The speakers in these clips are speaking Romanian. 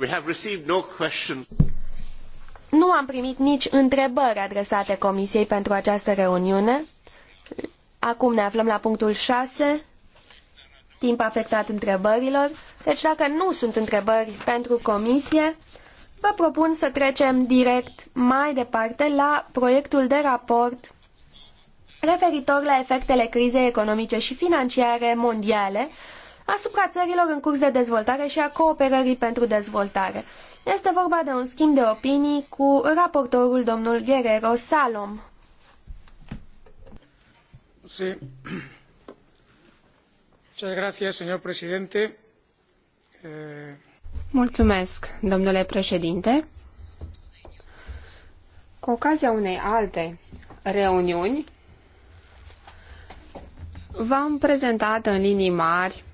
We have received no questions. Nu am primit nici întrebări adresate Comisiei pentru această reuniune. Acum ne aflăm la punctul 6, timp afectat întrebărilor. Deci dacă nu sunt întrebări pentru Comisie, vă propun să trecem direct mai departe la proiectul de raport referitor la efectele crizei economice și financiare mondiale asupra țărilor în curs de dezvoltare și a cooperării pentru dezvoltare. Este vorba de un schimb de opinii cu raportorul domnul Guerrero Salom. Sí. Gracias, señor presidente. Eh, Mulțumesc, domnule președinte. Cu ocazia unei alte reuniuni, v-am prezentat în linii mari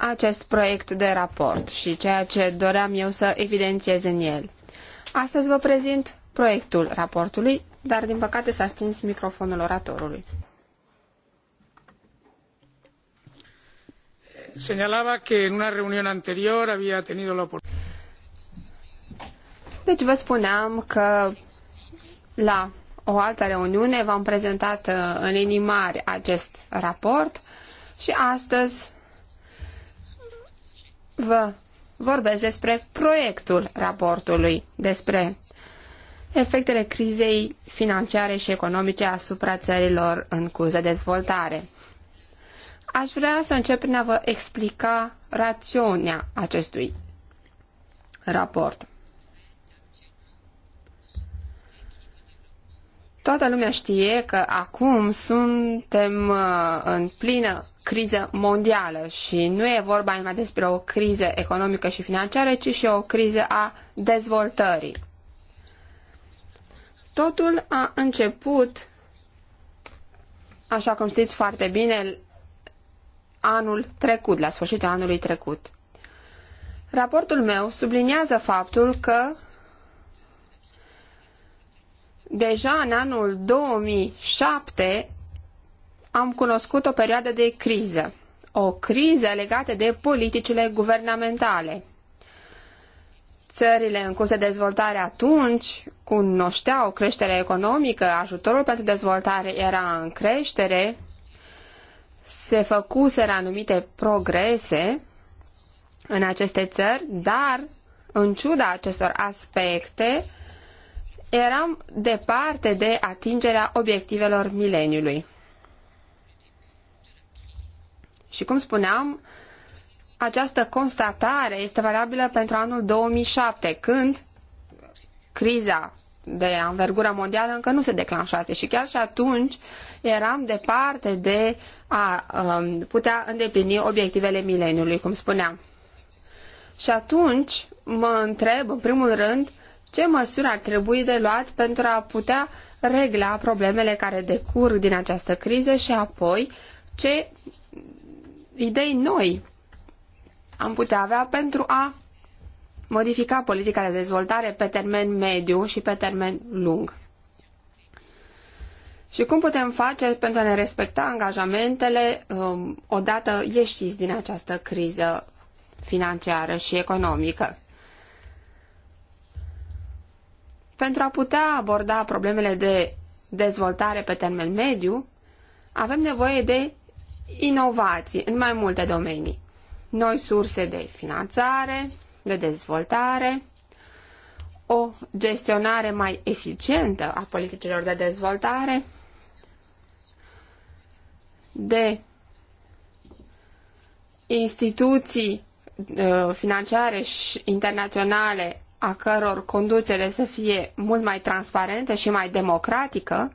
acest proiect de raport și ceea ce doream eu să evidențiez în el. Astăzi vă prezint proiectul raportului, dar din păcate s-a stins microfonul oratorului. Señalaba que en una reunión anterior había tenido la Deci vă spuneam că la o altă reuniune v-am prezentat uh, în linii mari acest raport și astăzi vă vorbesc despre proiectul raportului, despre efectele crizei financiare și economice asupra țărilor în curs de dezvoltare. Aș vrea să încep prin a vă explica rațiunea acestui raport. Toată lumea știe că acum suntem uh, în plină criză mondială și nu e vorba numai despre o criză economică și financiară, ci și o criză a dezvoltării. Totul a început, așa cum știți foarte bine, anul trecut, la sfârșitul anului trecut. Raportul meu subliniază faptul că deja în anul 2007 am cunoscut o perioadă de criză, o criză legată de politicile guvernamentale. Țările în curs de dezvoltare atunci cunoșteau creșterea economică, ajutorul pentru dezvoltare era în creștere, se făcuseră anumite progrese în aceste țări, dar în ciuda acestor aspecte, eram departe de atingerea obiectivelor mileniului. Și cum spuneam, această constatare este valabilă pentru anul 2007, când criza de anvergură mondială încă nu se declanșase și chiar și atunci eram departe de a um, putea îndeplini obiectivele mileniului, cum spuneam. Și atunci mă întreb, în primul rând, ce măsuri ar trebui de luat pentru a putea regla problemele care decurg din această criză și apoi ce idei noi am putea avea pentru a modifica politica de dezvoltare pe termen mediu și pe termen lung. Și cum putem face pentru a ne respecta angajamentele um, odată ieșiți din această criză financiară și economică? Pentru a putea aborda problemele de dezvoltare pe termen mediu, avem nevoie de inovații în mai multe domenii, noi surse de finanțare, de dezvoltare, o gestionare mai eficientă a politicilor de dezvoltare, de instituții uh, financiare și internaționale a căror conducere să fie mult mai transparentă și mai democratică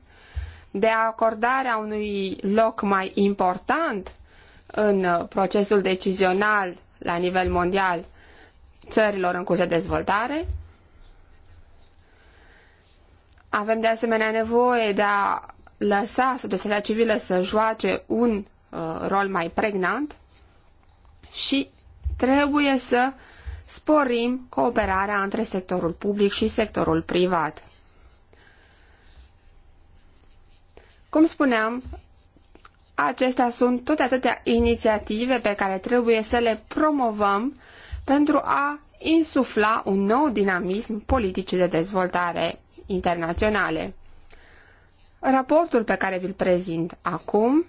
de acordarea unui loc mai important în procesul decizional la nivel mondial țărilor în curs de dezvoltare. Avem de asemenea nevoie de a lăsa societatea civilă să joace un uh, rol mai pregnant și trebuie să sporim cooperarea între sectorul public și sectorul privat. Cum spuneam, acestea sunt toate atâtea inițiative pe care trebuie să le promovăm pentru a insufla un nou dinamism politicii de dezvoltare internaționale. Raportul pe care vi-l prezint acum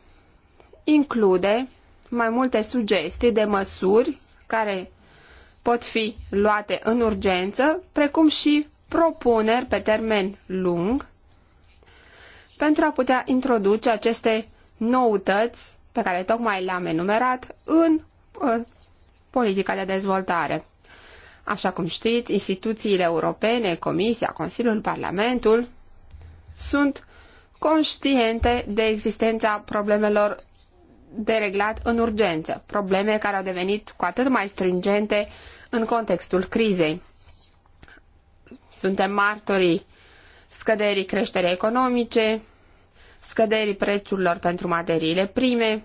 include mai multe sugestii de măsuri care pot fi luate în urgență, precum și propuneri pe termen lung pentru a putea introduce aceste noutăți pe care tocmai le-am enumerat în uh, politica de dezvoltare. Așa cum știți, instituțiile europene, Comisia, Consiliul, Parlamentul sunt conștiente de existența problemelor de reglat în urgență, probleme care au devenit cu atât mai stringente în contextul crizei. Suntem martorii scăderii creșterii economice, scăderii prețurilor pentru materiile prime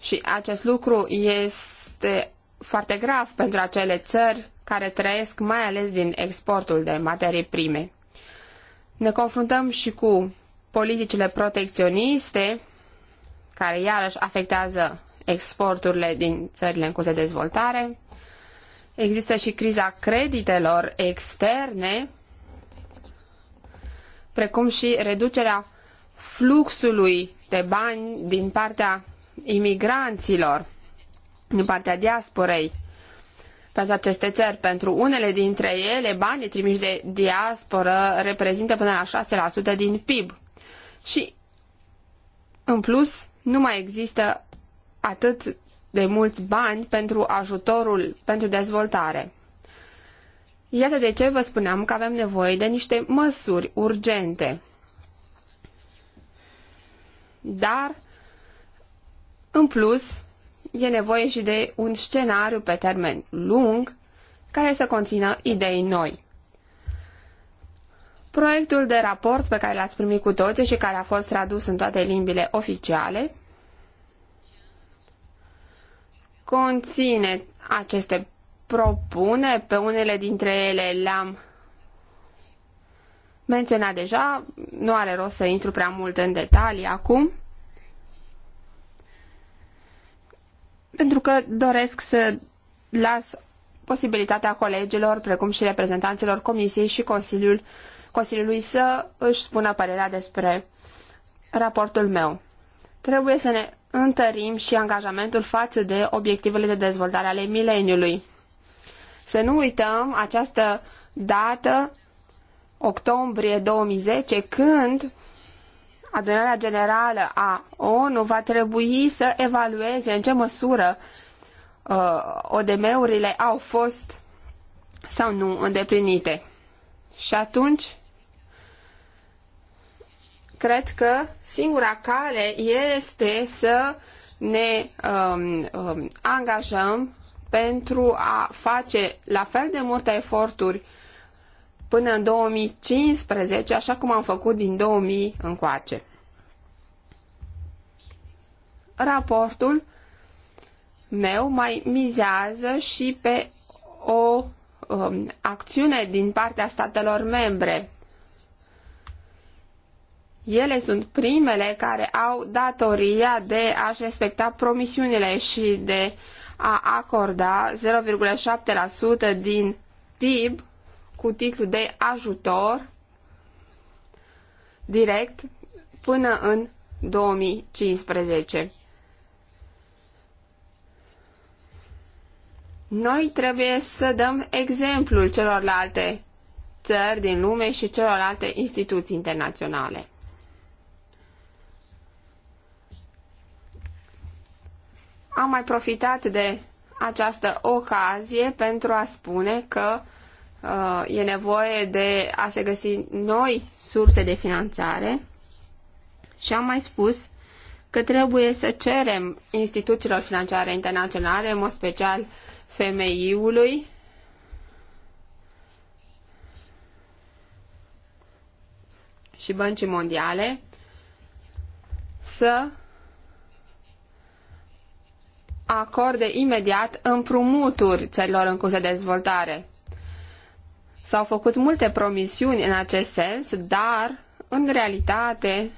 și acest lucru este foarte grav pentru acele țări care trăiesc mai ales din exportul de materii prime. Ne confruntăm și cu politicile protecționiste, care iarăși afectează exporturile din țările în curs de dezvoltare. Există și criza creditelor externe, precum și reducerea fluxului de bani din partea imigranților, din partea diasporei pentru aceste țări. Pentru unele dintre ele, banii trimiși de diasporă reprezintă până la 6% din PIB. Și, în plus, nu mai există atât de mulți bani pentru ajutorul pentru dezvoltare. Iată de ce vă spuneam că avem nevoie de niște măsuri urgente. Dar, în plus, e nevoie și de un scenariu pe termen lung care să conțină idei noi. Proiectul de raport pe care l-ați primit cu toții și care a fost tradus în toate limbile oficiale conține aceste propune, pe unele dintre ele le-am menționat deja, nu are rost să intru prea mult în detalii acum, pentru că doresc să las posibilitatea colegilor, precum și reprezentanților Comisiei și Consiliul, Consiliului să își spună părerea despre raportul meu. Trebuie să ne întărim și angajamentul față de obiectivele de dezvoltare ale mileniului. Să nu uităm această dată, octombrie 2010, când adunarea generală a ONU va trebui să evalueze în ce măsură uh, ODM-urile au fost sau nu îndeplinite. Și atunci, cred că singura cale este să ne um, um, angajăm pentru a face la fel de multe eforturi până în 2015, așa cum am făcut din 2000 încoace. Raportul meu mai mizează și pe o um, acțiune din partea statelor membre. Ele sunt primele care au datoria de a-și respecta promisiunile și de uh, a acorda 0,7% din PIB cu titlu de ajutor direct până în 2015. Noi trebuie să dăm exemplul celorlalte țări din lume și celorlalte instituții internaționale. am mai profitat de această ocazie pentru a spune că uh, e nevoie de a se găsi noi surse de finanțare și am mai spus că trebuie să cerem instituțiilor financiare internaționale, în mod special femeiului, și băncii mondiale să acorde imediat împrumuturi țărilor în curs de dezvoltare. S-au făcut multe promisiuni în acest sens, dar, în realitate,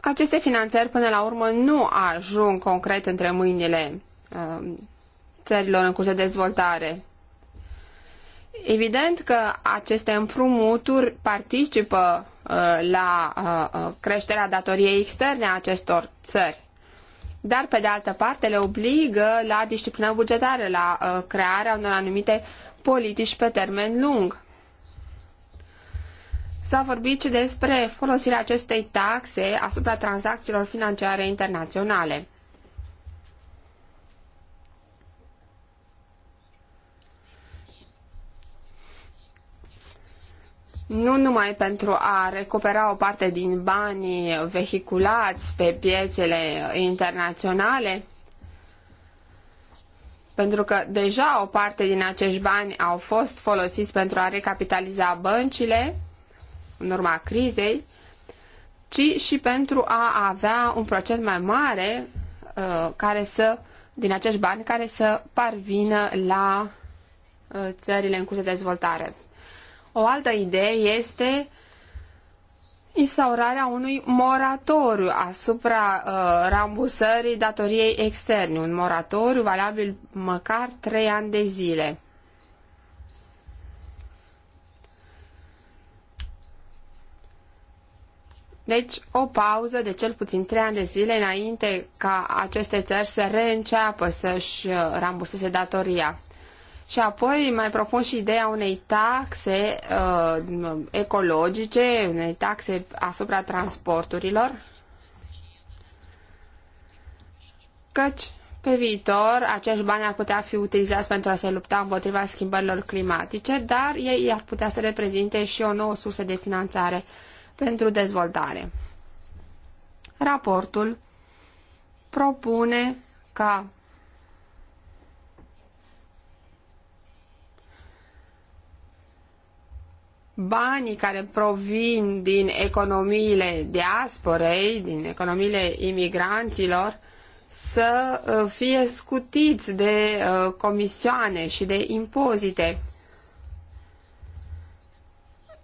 aceste finanțări până la urmă nu ajung concret între mâinile um, țărilor în curs de dezvoltare. Evident că aceste împrumuturi participă Uh, la uh, uh, creșterea datoriei externe a acestor țări. Dar, pe de altă parte, le obligă la disciplină bugetară, la crearea unor anumite politici pe termen lung. S-a vorbit și despre folosirea acestei taxe asupra tranzacțiilor financiare internaționale. nu numai pentru a recupera o parte din banii vehiculați pe piețele internaționale, pentru că deja o parte din acești bani au fost folosiți pentru a recapitaliza băncile în urma crizei, ci și pentru a avea un procent mai mare uh, care să, din acești bani care să parvină la uh, țările în curs de dezvoltare. O altă idee este instaurarea unui moratoriu asupra uh, rambursării datoriei externe, un moratoriu valabil măcar trei ani de zile. Deci, o pauză de cel puțin trei ani de zile înainte ca aceste țări să reînceapă să-și uh, ramburseze datoria. Și apoi mai propun și ideea unei taxe uh, ecologice, unei taxe asupra transporturilor, căci pe viitor acești bani ar putea fi utilizați pentru a se lupta împotriva schimbărilor climatice, dar ei ar putea să reprezinte și o nouă sursă de finanțare pentru dezvoltare. Raportul propune ca banii care provin din economiile diasporei, din economiile imigranților, să uh, fie scutiți de uh, comisioane și de impozite.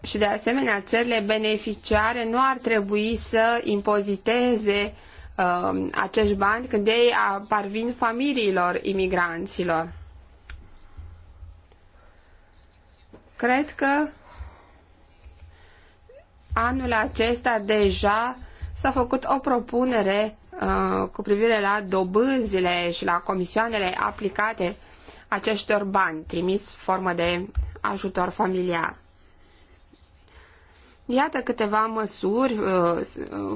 Și de asemenea, țările beneficiare nu ar trebui să impoziteze uh, acești bani când ei parvin familiilor imigranților. Cred că anul acesta deja s-a făcut o propunere uh, cu privire la dobânzile și la comisioanele aplicate acestor bani trimis formă de ajutor familiar. Iată câteva măsuri uh, uh,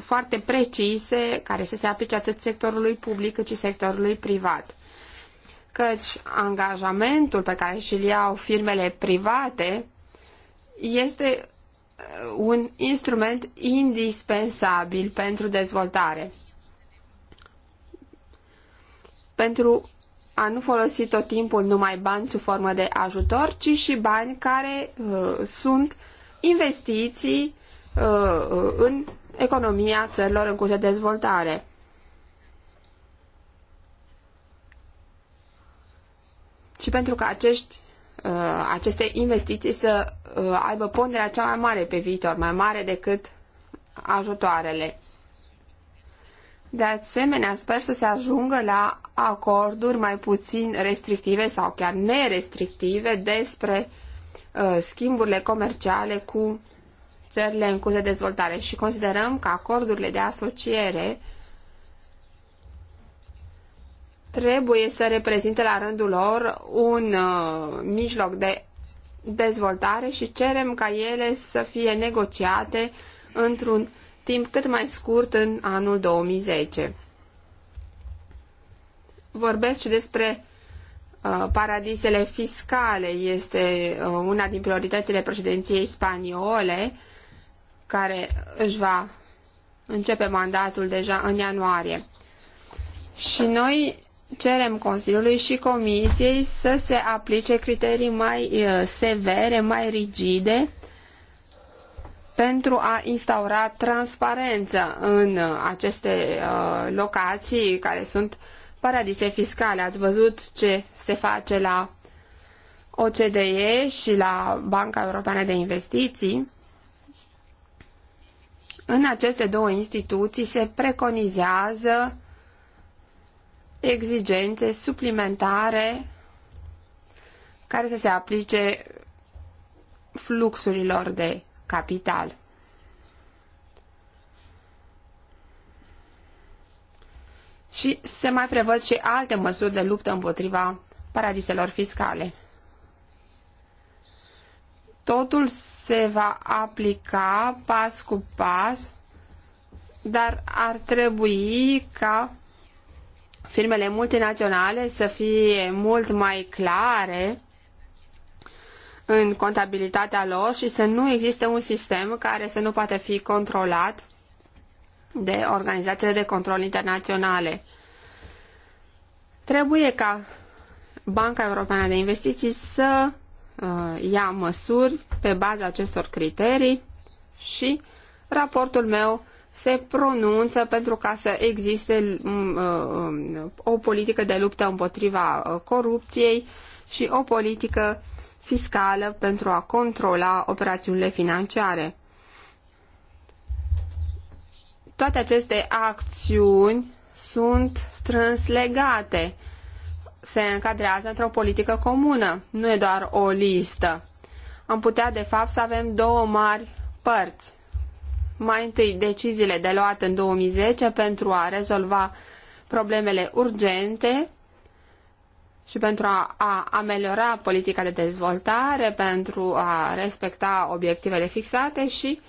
foarte precise care să se aplice atât sectorului public cât și sectorului privat. Căci angajamentul pe care și-l iau firmele private este un instrument indispensabil pentru dezvoltare. Pentru a nu folosi tot timpul numai bani sub formă de ajutor, ci și bani care uh, sunt investiții uh, în economia țărilor în curs de dezvoltare. Și pentru că acești, uh, aceste investiții să Uh, aibă ponderea cea mai mare pe viitor, mai mare decât ajutoarele. De asemenea, sper să se ajungă la acorduri mai puțin restrictive sau chiar nerestrictive despre uh, schimburile comerciale cu țările în curs de dezvoltare și considerăm că acordurile de asociere trebuie să reprezinte la rândul lor un uh, mijloc de dezvoltare și cerem ca ele să fie negociate într-un timp cât mai scurt în anul 2010. Vorbesc și despre uh, paradisele fiscale. Este uh, una din prioritățile președinției spaniole care își va începe mandatul deja în ianuarie. Și noi cerem Consiliului și Comisiei să se aplice criterii mai uh, severe, mai rigide pentru a instaura transparență în uh, aceste uh, locații care sunt paradise fiscale. Ați văzut ce se face la OCDE și la Banca Europeană de Investiții. În aceste două instituții se preconizează exigențe suplimentare care să se aplice fluxurilor de capital. Și se mai prevăd și alte măsuri de luptă împotriva paradiselor fiscale. Totul se va aplica pas cu pas, dar ar trebui ca firmele multinaționale să fie mult mai clare în contabilitatea lor și să nu existe un sistem care să nu poată fi controlat de organizațiile de control internaționale. Trebuie ca Banca Europeană de Investiții să uh, ia măsuri pe baza acestor criterii și raportul meu se pronunță pentru ca să existe mm, uh, um, o politică de luptă împotriva uh, corupției și o politică fiscală pentru a controla operațiunile financiare. Toate aceste acțiuni sunt strâns legate, se încadrează într-o politică comună, nu e doar o listă. Am putea, de fapt, să avem două mari părți mai întâi deciziile de luat în 2010 pentru a rezolva problemele urgente și pentru a, a ameliora politica de dezvoltare, pentru a respecta obiectivele fixate și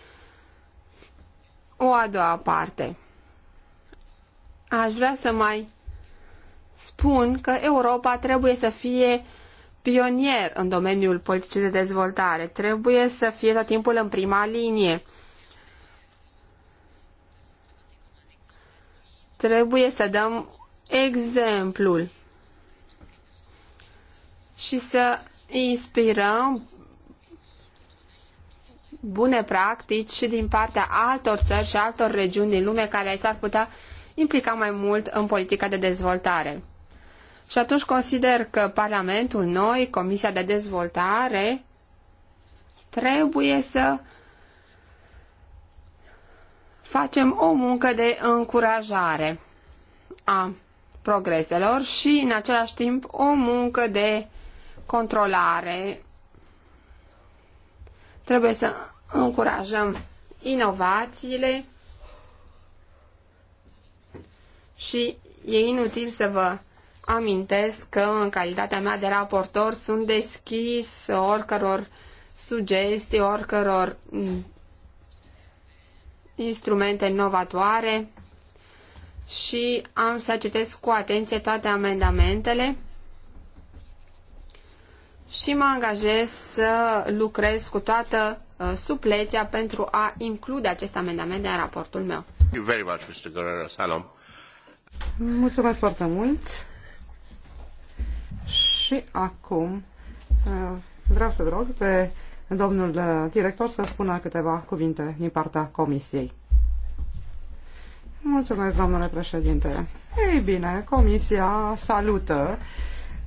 o a doua parte. Aș vrea să mai spun că Europa trebuie să fie pionier în domeniul politicii de dezvoltare, trebuie să fie tot timpul în prima linie Trebuie să dăm exemplul și să inspirăm bune practici și din partea altor țări și altor regiuni din lume care s-ar putea implica mai mult în politica de dezvoltare. Și atunci consider că Parlamentul, noi, Comisia de Dezvoltare, trebuie să facem o muncă de încurajare a progreselor și în același timp o muncă de controlare. Trebuie să încurajăm inovațiile și e inutil să vă amintesc că în calitatea mea de raportor sunt deschis oricăror sugestii, oricăror instrumente inovatoare și am să citesc cu atenție toate amendamentele și mă angajez să lucrez cu toată uh, supleția pentru a include acest amendament în raportul meu. Mulțumesc foarte mult. Și acum uh, vreau să vă rog pe domnul uh, director să spună câteva cuvinte din partea Comisiei. Mulțumesc, domnule președinte. Ei bine, Comisia salută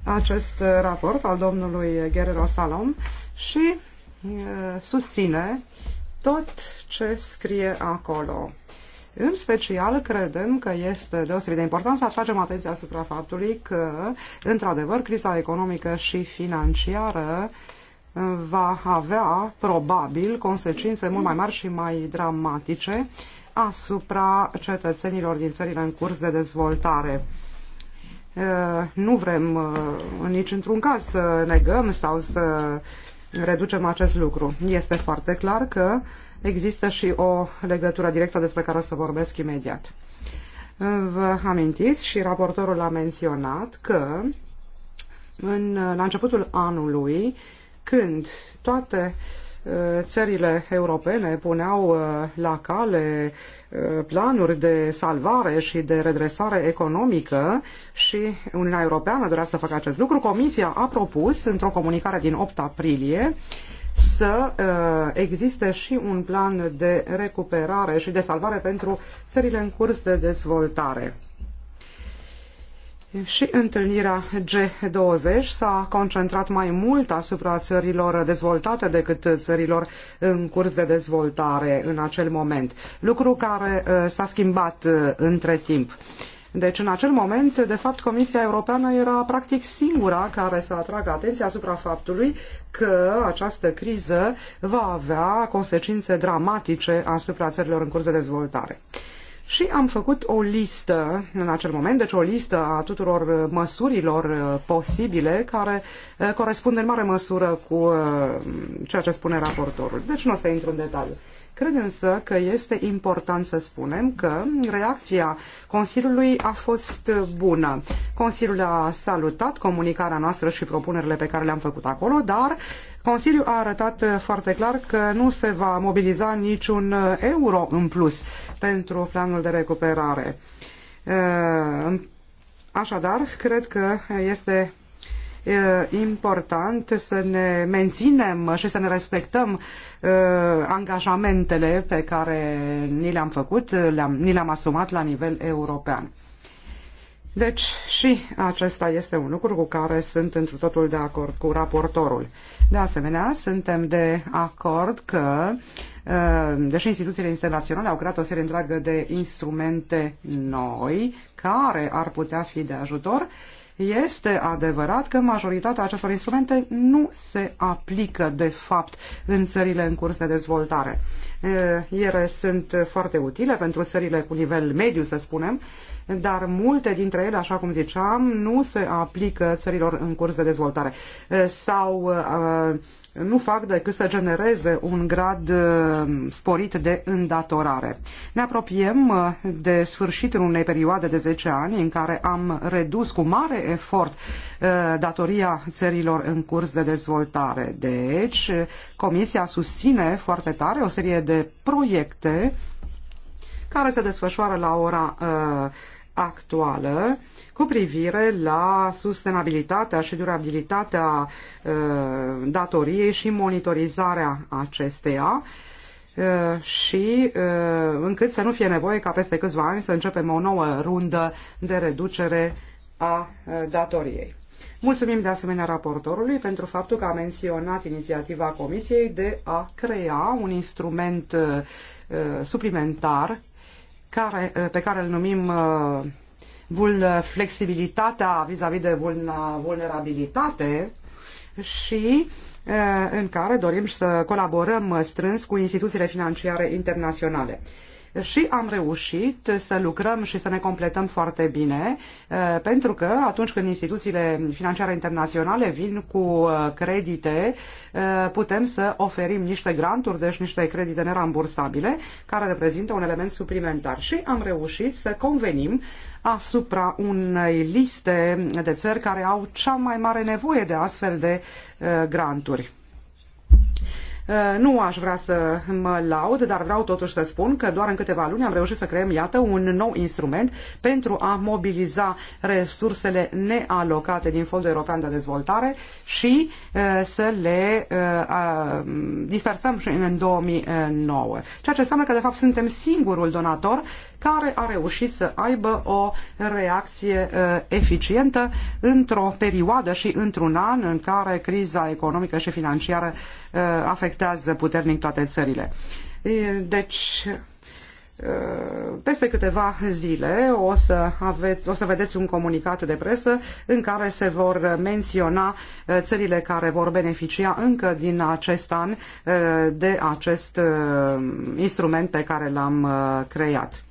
acest raport al domnului Guerrero Salom și uh, susține tot ce scrie acolo. În special, credem că este deosebit de important să atragem atenția asupra faptului că, într-adevăr, criza economică și financiară uh, va avea probabil consecințe mult mai mari și mai dramatice asupra cetățenilor din țările în curs de dezvoltare. Nu vrem nici într-un caz să negăm sau să reducem acest lucru. Este foarte clar că există și o legătură directă despre care o să vorbesc imediat. Vă amintiți și raportorul a menționat că în, la începutul anului uh, când toate uh, țările europene puneau uh, la cale uh, planuri de salvare și de redresare economică și Uniunea Europeană dorea să facă acest lucru. Comisia a propus, într-o comunicare din 8 aprilie, să existe și un plan de recuperare și de salvare pentru țările în curs de dezvoltare și întâlnirea G20 s-a concentrat mai mult asupra țărilor dezvoltate decât țărilor în curs de dezvoltare în acel moment, lucru care uh, s-a schimbat uh, între timp. Deci, în acel moment, de fapt, Comisia Europeană era practic singura care să atragă atenția asupra faptului că această criză va avea consecințe dramatice asupra țărilor în curs de dezvoltare. Și am făcut o listă în acel moment, deci o listă a tuturor măsurilor uh, posibile care uh, corespund în mare măsură cu uh, ceea ce spune raportorul. Deci nu o să intru în detaliu. Cred însă că este important să spunem că reacția Consiliului a fost bună. Consiliul a salutat comunicarea noastră și propunerile pe care le-am făcut acolo, dar Consiliul a arătat uh, foarte clar că nu se va mobiliza niciun uh, euro în plus pentru planul de recuperare. Uh, Așadar, cred că este important să ne menținem și să ne respectăm angajamentele pe care ni le-am făcut, ni le-am asumat la nivel european. Deci și acesta este un lucru cu care sunt într totul de acord cu raportorul. De asemenea, suntem de acord că, uh, deși instituțiile internaționale au creat o serie întreagă de instrumente noi care ar putea fi de ajutor, este adevărat că majoritatea acestor instrumente nu se aplică, de fapt, în țările în curs de dezvoltare. Uh, ele sunt foarte utile pentru țările cu nivel mediu, să spunem, dar multe dintre ele, așa cum ziceam, nu se aplică țărilor în curs de dezvoltare eh, sau eh, nu fac decât să genereze un grad eh, sporit de îndatorare. Ne apropiem de sfârșitul unei perioade de 10 ani în care am redus cu mare efort datoria țărilor în curs de dezvoltare. Deci, Comisia susține foarte tare o serie de proiecte care se desfășoară la ora actuală cu privire la sustenabilitatea și durabilitatea uh, datoriei și monitorizarea acesteia uh, și uh, încât să nu fie nevoie ca peste câțiva ani să începem o nouă rundă de reducere a datoriei. Mulțumim de asemenea raportorului pentru faptul că a menționat inițiativa Comisiei de a crea un instrument suplimentar care, eh, pe care îl numim eh, flexibilitatea vis-a-vis de vulnerabilitate și eh, în care dorim să colaborăm strâns cu instituțiile financiare internaționale și am reușit să lucrăm și să ne completăm foarte bine, pentru că atunci când instituțiile financiare internaționale vin cu credite, putem să oferim niște granturi, deci niște credite nerambursabile, care reprezintă un element suplimentar. Și am reușit să convenim asupra unei liste de țări care au cea mai mare nevoie de astfel de granturi. Uh, nu aș vrea să mă laud, dar vreau totuși să spun că doar în câteva luni am reușit să creăm, iată, un nou instrument pentru a mobiliza resursele nealocate din Fondul European de Dezvoltare și uh, să le uh, dispersăm și în 2009. Ceea ce înseamnă că, de fapt, suntem singurul donator care a reușit să aibă o reacție uh, eficientă într-o perioadă și într-un an în care criza economică și financiară uh, afectează puternic toate țările. Deci, uh, peste câteva zile o să, aveți, o să vedeți un comunicat de presă în care se vor menționa țările care vor beneficia încă din acest an de acest instrument pe care l-am creat.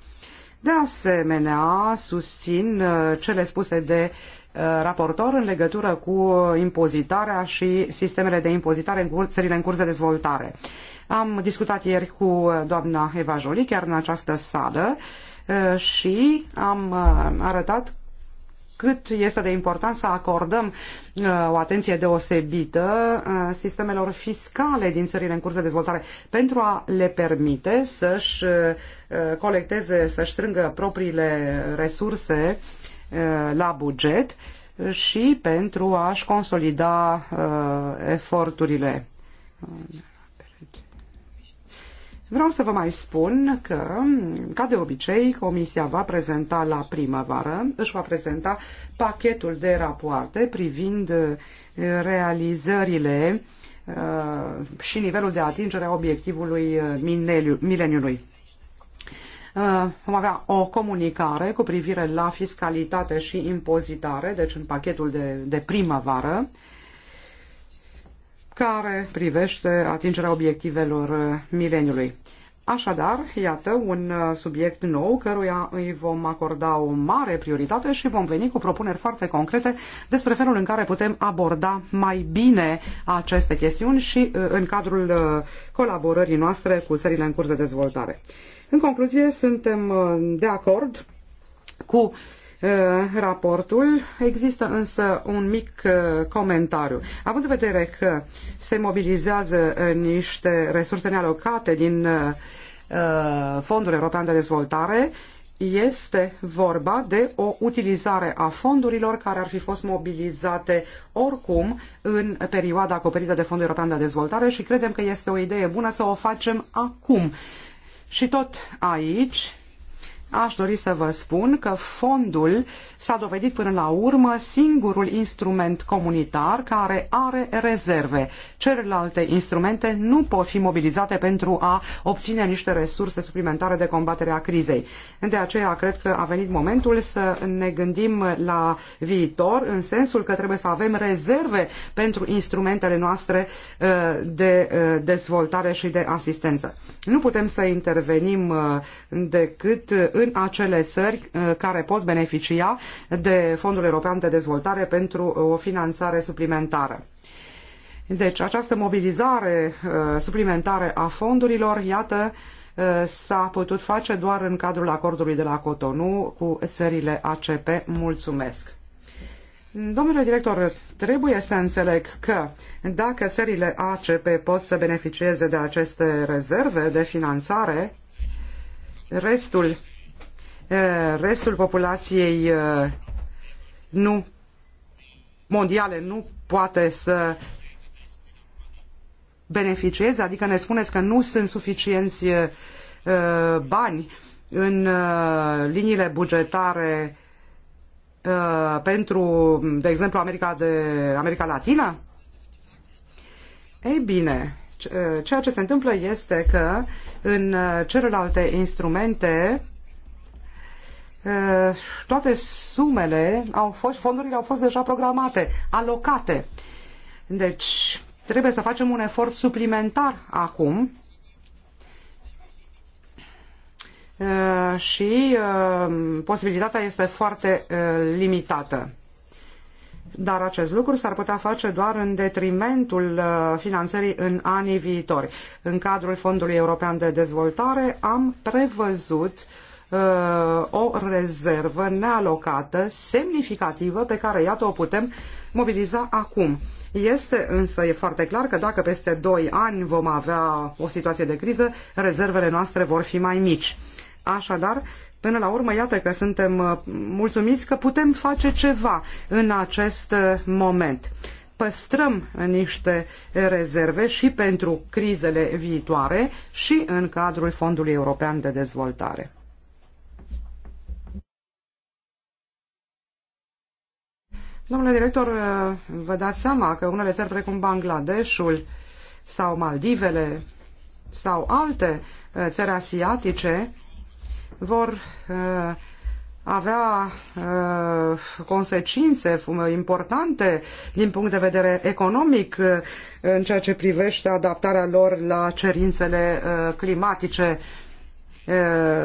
De asemenea, susțin uh, cele spuse de uh, raportor în legătură cu impozitarea și sistemele de impozitare în țările în curs de dezvoltare. Am discutat ieri cu uh, doamna Eva Jolie, chiar în această sală, și am arătat cât este de important să acordăm uh, o atenție deosebită uh, sistemelor fiscale din țările în curs de dezvoltare pentru a le permite să-și uh, colecteze, să-și strângă propriile resurse la buget și pentru a-și consolida eforturile Vreau să vă mai spun că, ca de obicei, Comisia va prezenta la primăvară, își va prezenta pachetul de rapoarte privind uh, realizările uh, și nivelul de atingere a obiectivului uh, mileniului. Vom avea o comunicare cu privire la fiscalitate și impozitare, deci în pachetul de, de primăvară, care privește atingerea obiectivelor mileniului. Așadar, iată un uh, subiect nou căruia îi vom acorda o mare prioritate și vom veni cu propuneri foarte concrete despre felul în care putem aborda mai bine aceste chestiuni și uh, în cadrul uh, colaborării noastre cu țările în curs de dezvoltare. În concluzie, suntem de acord cu Uh, raportul. Există însă un mic uh, comentariu. Având în vedere că se mobilizează uh, niște resurse nealocate din Fondul European de Dezvoltare, este vorba de o utilizare a fondurilor care ar fi fost mobilizate oricum în perioada acoperită de Fondul European de Dezvoltare și credem că este o idee bună să o facem acum. Și tot aici aș dori să vă spun că fondul s-a dovedit până la urmă singurul instrument comunitar care are rezerve. Celelalte instrumente nu pot fi mobilizate pentru a obține niște resurse suplimentare de combatere a crizei. De aceea cred că a venit momentul să ne gândim la viitor în sensul că trebuie să avem rezerve pentru instrumentele noastre uh, de uh, dezvoltare și de asistență. Nu putem să intervenim uh, decât în în acele țări uh, care pot beneficia de Fondul European de Dezvoltare pentru uh, o finanțare suplimentară. Deci această mobilizare uh, suplimentare a fondurilor, iată, s-a putut face doar în cadrul acordului de la Cotonou cu țările ACP. Mulțumesc! Domnule director, trebuie să înțeleg că dacă țările ACP pot să beneficieze de aceste rezerve de finanțare, restul Eh, restul populației eh, nu mondiale nu poate să beneficieze, adică ne spuneți că nu sunt suficienți eh, bani în liniile bugetare pentru, de exemplu, America, de, America Latină? Ei bine, ceea ce se întâmplă este că în celelalte instrumente toate sumele au fost, fondurile au fost deja programate, alocate. Deci trebuie să facem un efort suplimentar acum și posibilitatea este foarte limitată. Dar acest lucru s-ar putea face doar în detrimentul finanțării în anii viitori. În cadrul Fondului European de Dezvoltare am prevăzut uh, Uh, o rezervă nealocată, semnificativă, pe care, iată, o putem mobiliza acum. Este însă, e foarte clar că dacă peste 2 ani vom avea o situație de criză, rezervele noastre vor fi mai mici. Așadar, până la urmă, iată că suntem uh, mulțumiți că putem face ceva în acest uh, moment păstrăm niște rezerve și pentru crizele viitoare și în cadrul Fondului European de Dezvoltare. Domnule director, uh, vă dați seama că unele țări precum Bangladeshul sau Maldivele sau alte uh, țări asiatice vor uh, avea consecințe importante din punct de vedere economic în ceea ce privește adaptarea lor la cerințele climatice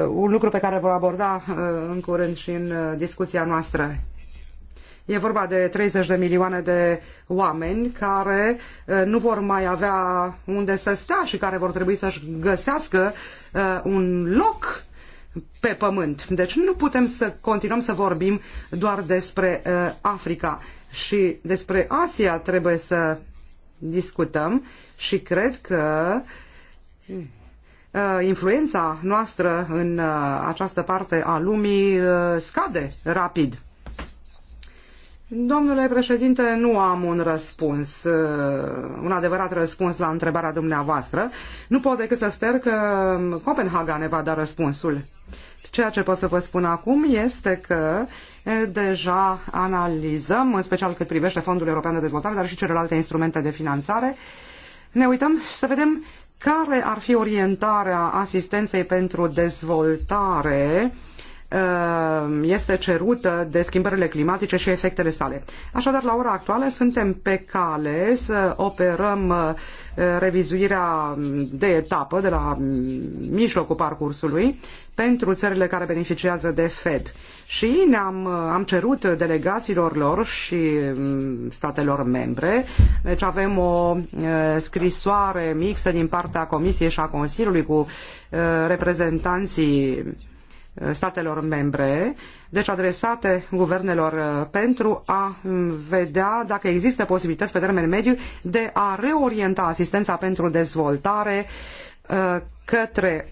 un lucru pe care îl vom aborda în curând și în discuția noastră. E vorba de 30 de milioane de oameni care uh, nu vor mai avea unde să stea și care vor trebui să-și găsească uh, un loc pe pământ. Deci nu putem să continuăm să vorbim doar despre uh, Africa și despre Asia trebuie să discutăm și cred că influența noastră în această parte a lumii scade rapid. Domnule președinte, nu am un răspuns, uh, un adevărat răspuns la întrebarea dumneavoastră. Nu pot decât să sper că Copenhaga ne va da răspunsul. Ceea ce pot să vă spun acum este că deja analizăm, în special cât privește Fondul European de Dezvoltare, dar și celelalte instrumente de finanțare. Ne uităm să vedem care ar fi orientarea asistenței pentru dezvoltare Uh, este cerută de schimbările climatice și efectele sale. Așadar, la ora actuală suntem pe cale să operăm uh, revizuirea de etapă de la mm, mijlocul parcursului pentru țările care beneficiază de FED. Și ne-am uh, am cerut delegațiilor lor și mm, statelor membre, deci avem o scrisoare mixtă din partea Comisiei și a Consiliului cu reprezentanții Uh, statelor membre, deci adresate guvernelor uh, pentru a mm, vedea dacă există posibilități pe termen mediu de a reorienta asistența pentru dezvoltare uh, către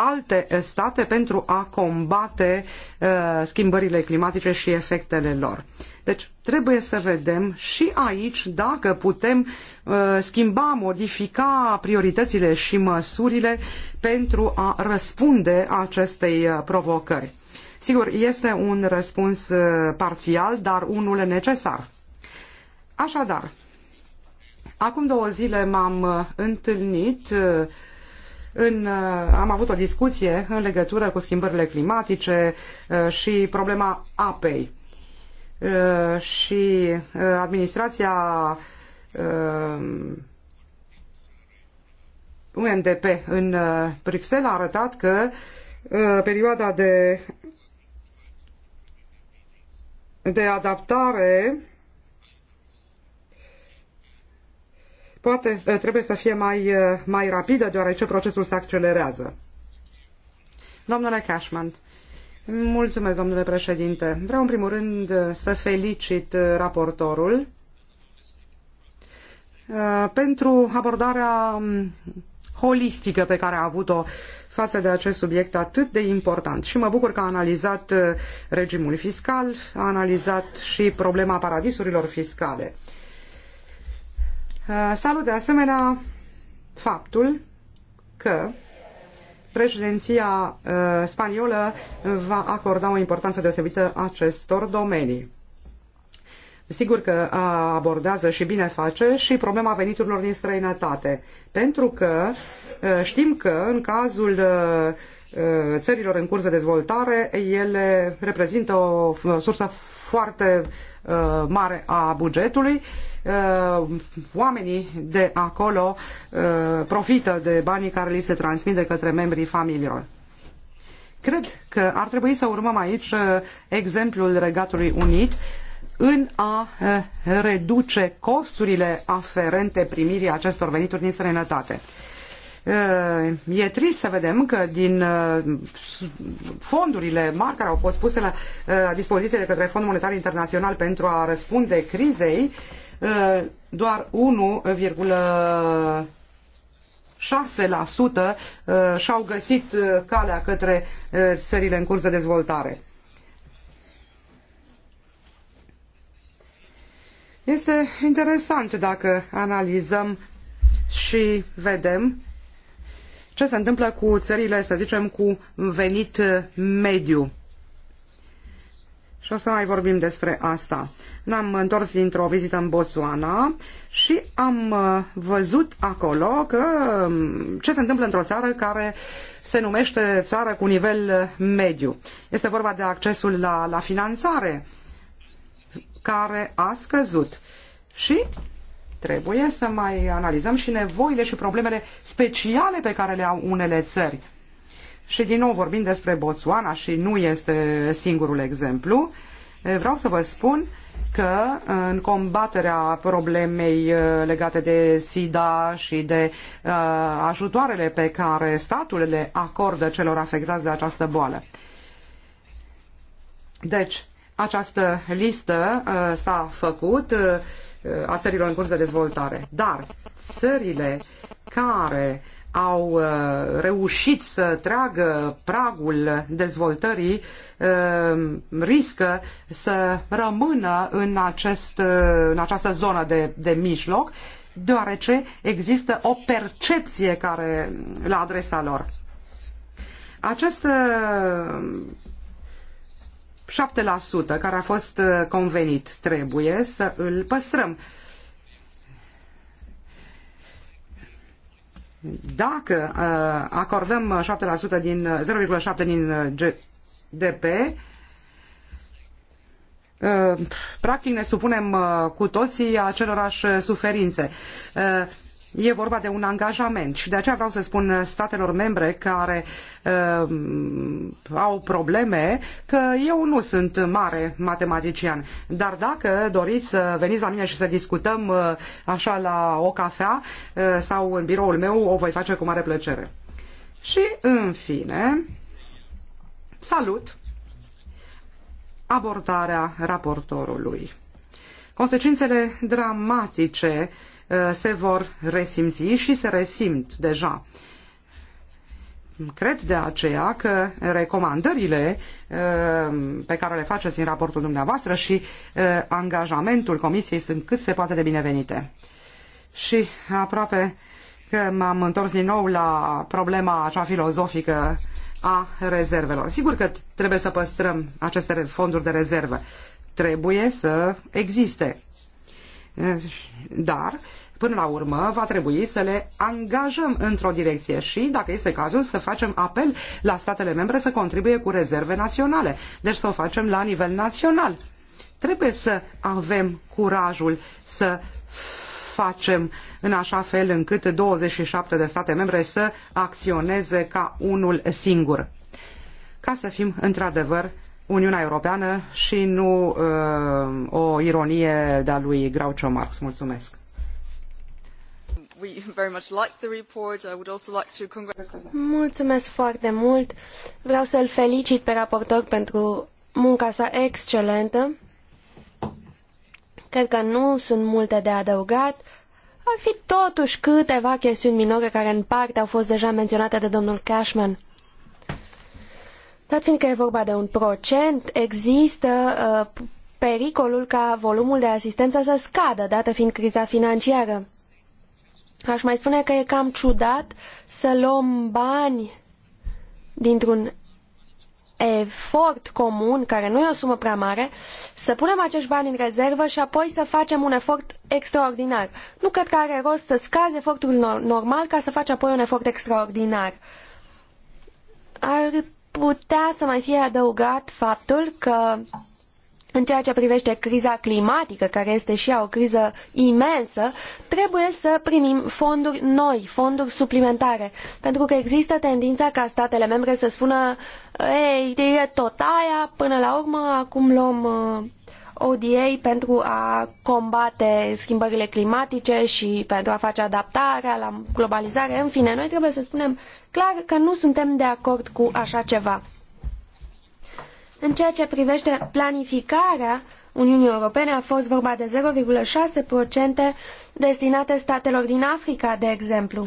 alte state pentru a combate uh, schimbările climatice și efectele lor. Deci trebuie să vedem și aici dacă putem uh, schimba, modifica prioritățile și măsurile pentru a răspunde acestei uh, provocări. Sigur, este un răspuns parțial, dar unul necesar. Așadar, acum două zile m-am întâlnit în, uh, am avut o discuție în legătură cu schimbările climatice uh, și problema apei. Uh, și administrația UNDP în Bruxelles a arătat că perioada de de adaptare poate eh, trebuie să fie mai, eh, mai rapidă, deoarece procesul se accelerează. Domnule Cashman, mulțumesc, domnule președinte. Vreau, în primul rând, eh, să felicit raportorul pentru abordarea mm, holistică pe care a avut-o față de acest subiect atât de important. Și mă bucur că a analizat regimul fiscal, a analizat și problema paradisurilor fiscale. Uh, salut de asemenea faptul că președinția uh, spaniolă va acorda o importanță deosebită acestor domenii. Sigur că abordează și bine face și problema veniturilor din străinătate, pentru că uh, știm că în cazul țărilor în curs de dezvoltare, ele reprezintă o sursă foarte uh, mare a bugetului. Uh, oamenii de acolo uh, profită de banii care li se transmit de către membrii familiilor. Cred că ar trebui să urmăm aici uh, exemplul Regatului Unit în a uh, reduce costurile aferente primirii acestor venituri din străinătate. Uh, E trist să vedem că din uh, fondurile mari care au fost puse la uh, dispoziție de către Fondul Monetar Internațional pentru a răspunde crizei, uh, doar 1,6% și-au găsit calea către țările în curs de dezvoltare. Este interesant dacă analizăm și vedem ce se întâmplă cu țările, să zicem, cu venit eh, mediu. Și o să mai vorbim despre asta. Ne-am întors dintr-o vizită în Botswana și am eh, văzut acolo că mm, ce se întâmplă într-o țară care se numește țară cu nivel eh, mediu. Este vorba de accesul la, la finanțare care a scăzut. Și Trebuie să mai analizăm și nevoile și problemele speciale pe care le au unele țări. Și din nou vorbim despre Botswana și nu este singurul exemplu. Vreau să vă spun că în combaterea problemei legate de SIDA și de uh, ajutoarele pe care statul le acordă celor afectați de această boală. Deci, această listă uh, s-a făcut uh, a țărilor în curs de dezvoltare. Dar țările care au uh, reușit să tragă pragul dezvoltării uh, riscă să rămână în, acest, uh, în această zonă de, de mijloc, deoarece există o percepție care la adresa lor. Această 7% care a fost uh, convenit trebuie să îl păstrăm. Dacă uh, acordăm 7% uh, din 0,7 din GDP, practic ne supunem cu toții acelorași suferințe. E vorba de un angajament și de aceea vreau să spun statelor membre care uh, au probleme că eu nu sunt mare matematician, dar dacă doriți să veniți la mine și să discutăm uh, așa la o cafea uh, sau în biroul meu, o voi face cu mare plăcere. Și în fine, salut abordarea raportorului. Consecințele dramatice uh, Uh, se vor resimți și se resimt deja. Cred de aceea că recomandările uh, pe care le faceți în raportul dumneavoastră și uh, angajamentul Comisiei sunt cât se poate de binevenite. Și aproape că m-am întors din nou la problema acea filozofică a rezervelor. Sigur că trebuie să păstrăm aceste fonduri de rezervă. Trebuie să existe. Eh, dar până la urmă va trebui să le angajăm într-o direcție și, dacă este cazul, să facem apel la statele membre să contribuie cu rezerve naționale, deci să o facem la nivel național. Trebuie să avem curajul să facem în așa fel încât 27 de state membre să acționeze ca unul singur. Ca să fim într-adevăr Uniunea Europeană și nu uh, o ironie de-a lui Groucho Marx. Mulțumesc! Mulțumesc foarte mult. Vreau să-l felicit pe raportor pentru munca sa excelentă. Cred că nu sunt multe de adăugat. Ar fi totuși câteva chestiuni minore care în parte au fost deja menționate de domnul Cashman. Dar fiindcă e vorba de un procent, există uh, pericolul ca volumul de asistență să scadă, dată fiind criza financiară. Aș mai spune că e cam ciudat să luăm bani dintr-un efort comun, care nu e o sumă prea mare, să punem acești bani în rezervă și apoi să facem un efort extraordinar. Nu cred că are rost să scazi efortul normal ca să faci apoi un efort extraordinar. Ar putea să mai fie adăugat faptul că în ceea ce privește criza climatică, care este și ea o criză imensă, trebuie să primim fonduri noi, fonduri suplimentare, pentru că există tendința ca statele membre să spună ei, e tot aia, până la urmă acum luăm uh, ODA pentru a combate schimbările climatice și pentru a face adaptarea la globalizare. În fine, noi trebuie să spunem clar că nu suntem de acord cu așa ceva. În ceea ce privește planificarea Uniunii Europene a fost vorba de 0,6% destinate statelor din Africa, de exemplu.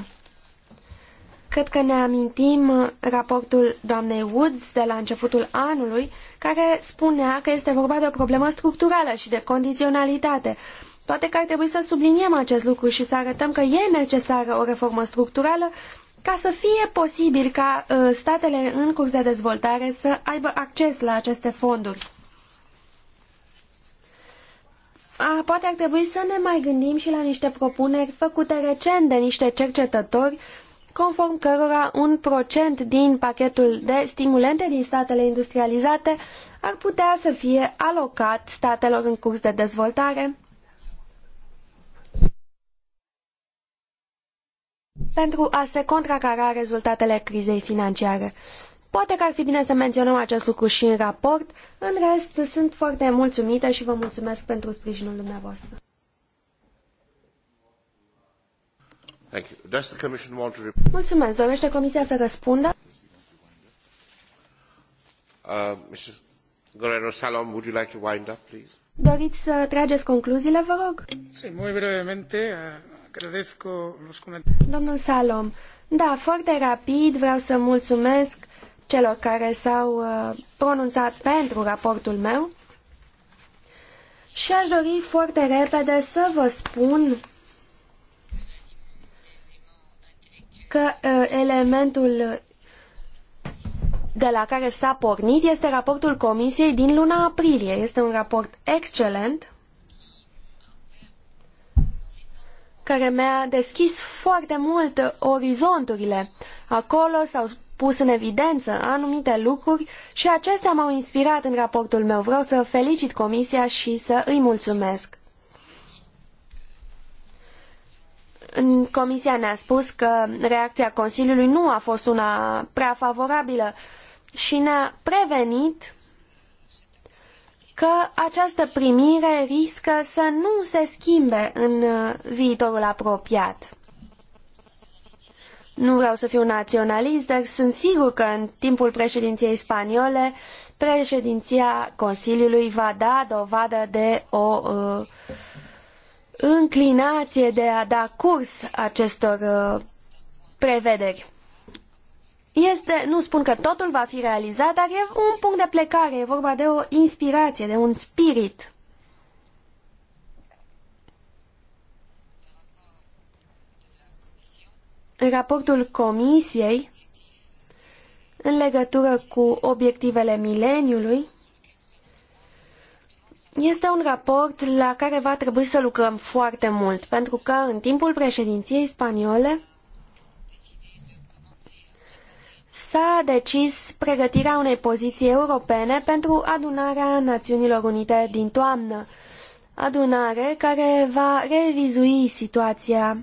Cred că ne amintim raportul doamnei Woods de la începutul anului, care spunea că este vorba de o problemă structurală și de condiționalitate. Toate că ar trebui să subliniem acest lucru și să arătăm că e necesară o reformă structurală ca să fie posibil ca ă, statele în curs de dezvoltare să aibă acces la aceste fonduri. A, poate ar trebui să ne mai gândim și la niște propuneri făcute recent de niște cercetători uh, conform cărora un procent din pachetul de stimulente din statele industrializate ar putea să fie alocat statelor în curs de dezvoltare pentru a se contracara rezultatele crizei financiare. Poate că ar fi bine să menționăm acest lucru și în raport. În rest, sunt foarte mulțumită și vă mulțumesc pentru sprijinul dumneavoastră. Mulțumesc. Dorește Comisia să răspundă? Uh, Salom, Doriți să trageți concluziile, vă rog? Sí, muy eh, Domnul Salom, da, foarte rapid vreau să mulțumesc celor care s-au uh, pronunțat pentru raportul meu și aș dori foarte repede să vă spun că uh, elementul de la care s-a pornit este raportul Comisiei din luna aprilie. Este un raport excelent care mi-a deschis foarte mult orizonturile. Acolo s-au pus în evidență anumite lucruri și acestea m-au inspirat în raportul meu. Vreau să felicit Comisia și să îi mulțumesc. Comisia ne-a spus că reacția Consiliului nu a fost una prea favorabilă și ne-a prevenit că această primire riscă să nu se schimbe în uh, viitorul apropiat. Nu vreau să fiu naționalist, dar sunt sigur că în timpul președinției spaniole, președinția Consiliului va da dovadă de o uh, înclinație de a da curs acestor uh, prevederi. Este, nu spun că totul va fi realizat, dar e un punct de plecare, e vorba de o inspirație, de un spirit. Raportul Comisiei în legătură cu obiectivele mileniului este un raport la care va trebui să lucrăm foarte mult, pentru că în timpul președinției spaniole s-a decis pregătirea unei poziții europene pentru adunarea Națiunilor Unite din toamnă, adunare care va revizui situația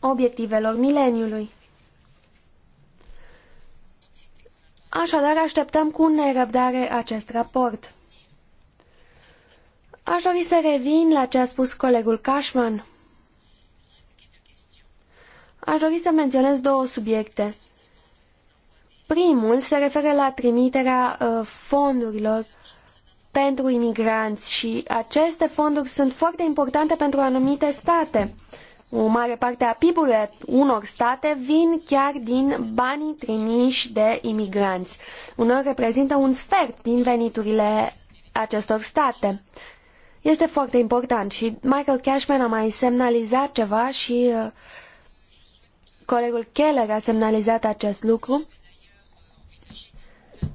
obiectivelor mileniului. Așadar, așteptăm cu nerăbdare acest raport. Aș dori să revin la ce a spus colegul Cashman. Aș dori să menționez două subiecte. Primul se referă la trimiterea uh, fondurilor pentru imigranți și aceste fonduri sunt foarte importante pentru anumite state. Uh, o mare parte a PIB-ului unor state vin chiar din banii trimiși de imigranți. Unor reprezintă un sfert din veniturile acestor state. Este foarte important și Michael Cashman a mai semnalizat ceva și uh, colegul Keller a semnalizat acest lucru.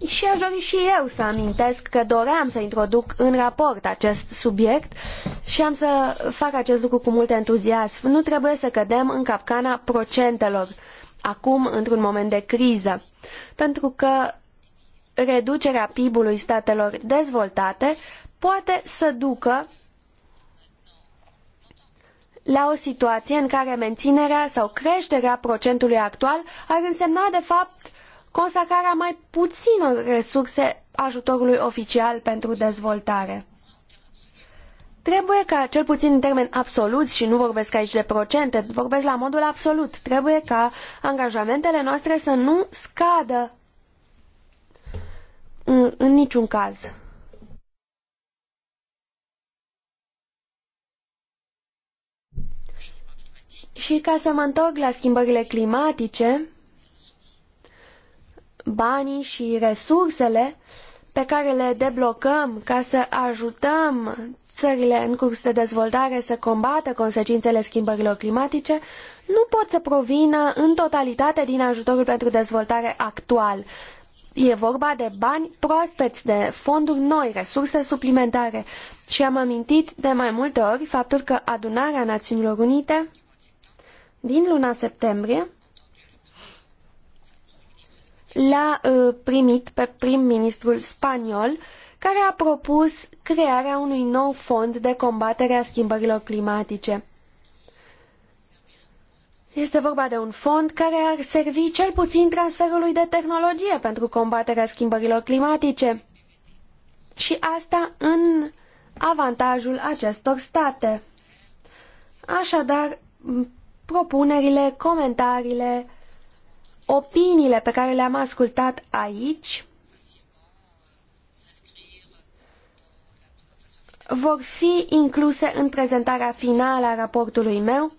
Și aș dori și eu să amintesc că doream să introduc în raport acest subiect și am să fac acest lucru cu mult entuziasm. Nu trebuie să cădem în capcana procentelor acum, într-un moment de criză, pentru că reducerea PIB-ului statelor dezvoltate poate să ducă la o situație în care menținerea sau creșterea procentului actual ar însemna, de fapt, consacrarea mai puținor resurse ajutorului oficial pentru dezvoltare. Trebuie ca, cel puțin în termeni absoluți, și nu vorbesc aici de procente, vorbesc la modul absolut, trebuie ca angajamentele noastre să nu scadă în, în niciun caz. Și ca să mă întorc la schimbările climatice, banii și resursele pe care le deblocăm ca să ajutăm țările în curs de dezvoltare să combată consecințele schimbărilor climatice nu pot să provină în totalitate din ajutorul pentru dezvoltare actual. E vorba de bani proaspeți, de fonduri noi, resurse suplimentare. Și am amintit de mai multe ori faptul că adunarea Națiunilor Unite din luna septembrie l-a uh, primit pe prim-ministrul spaniol, care a propus crearea unui nou fond de combatere a schimbărilor climatice. Este vorba de un fond care ar servi cel puțin transferului de tehnologie pentru combaterea schimbărilor climatice. Și asta în avantajul acestor state. Așadar, propunerile, comentariile opiniile pe care le-am ascultat aici vor fi incluse în prezentarea finală a raportului meu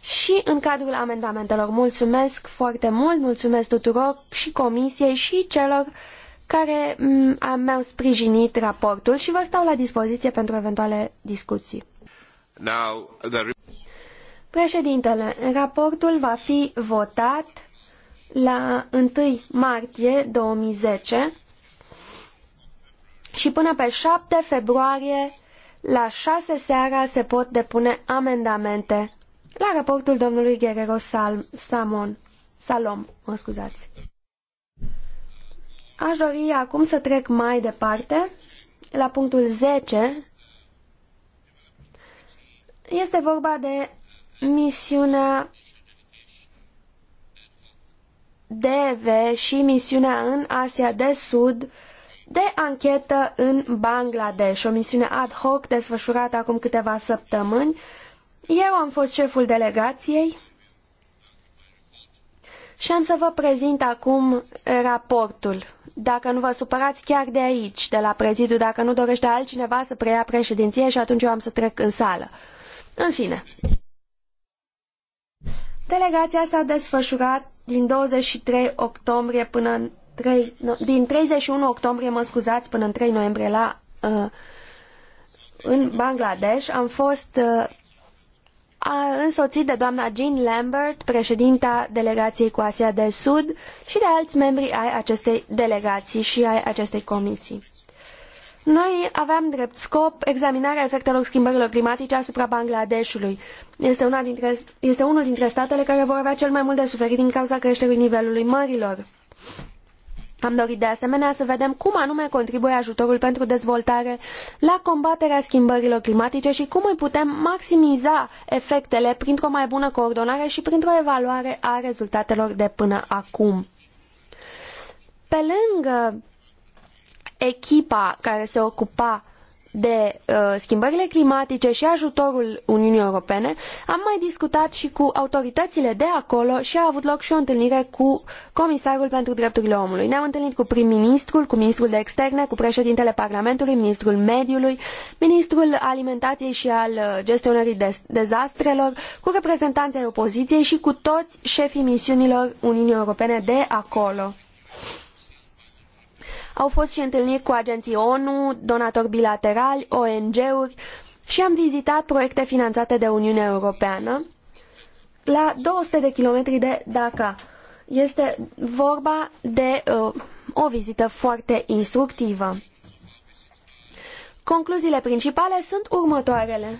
și în cadrul amendamentelor. Mulțumesc foarte mult, mulțumesc tuturor și comisiei și celor care mi-au sprijinit raportul și vă stau la dispoziție pentru eventuale discuții. Now, the... Președintele, raportul va fi votat la 1 martie 2010 și până pe 7 februarie la 6 seara se pot depune amendamente la raportul domnului Guerrero Sal Samon. Salom, mă scuzați. Aș dori acum să trec mai departe la punctul 10. Este vorba de misiunea DEVE și misiunea în Asia de Sud de anchetă în Bangladesh, o misiune ad hoc desfășurată acum câteva săptămâni. Eu am fost șeful delegației și am să vă prezint acum raportul. Dacă nu vă supărați chiar de aici, de la prezidiu, dacă nu dorește altcineva să preia președinție și atunci eu am să trec în sală. În fine. Delegația s-a desfășurat din 23 octombrie până în 3, din 31 octombrie, mă scuzați, până în 3 noiembrie la uh, în Bangladesh. Am fost uh, însoțit de doamna Jean Lambert, președinta delegației cu Asia de Sud și de alți membri ai acestei delegații și ai acestei comisii. Noi aveam drept scop examinarea efectelor schimbărilor climatice asupra Bangladeshului. Este, una dintre, este unul dintre statele care vor avea cel mai mult de suferit din cauza creșterii nivelului mărilor. Am dorit de asemenea să vedem cum anume contribuie ajutorul pentru dezvoltare la combaterea schimbărilor climatice și cum îi putem maximiza efectele printr-o mai bună coordonare și printr-o evaluare a rezultatelor de până acum. Pe lângă echipa care se ocupa de uh, schimbările climatice și ajutorul Uniunii Europene, am mai discutat și cu autoritățile de acolo și a avut loc și o întâlnire cu Comisarul pentru Drepturile Omului. Ne-am întâlnit cu prim-ministrul, cu ministrul de externe, cu președintele Parlamentului, ministrul mediului, ministrul alimentației și al uh, gestionării de dezastrelor, cu reprezentanții opoziției și cu toți șefii misiunilor Uniunii Europene de acolo. Au fost și întâlniri cu agenții ONU, donatori bilaterali, ONG-uri și am vizitat proiecte finanțate de Uniunea Europeană la 200 de kilometri de Dhaka. Este vorba de uh, o vizită foarte instructivă. Concluziile principale sunt următoarele.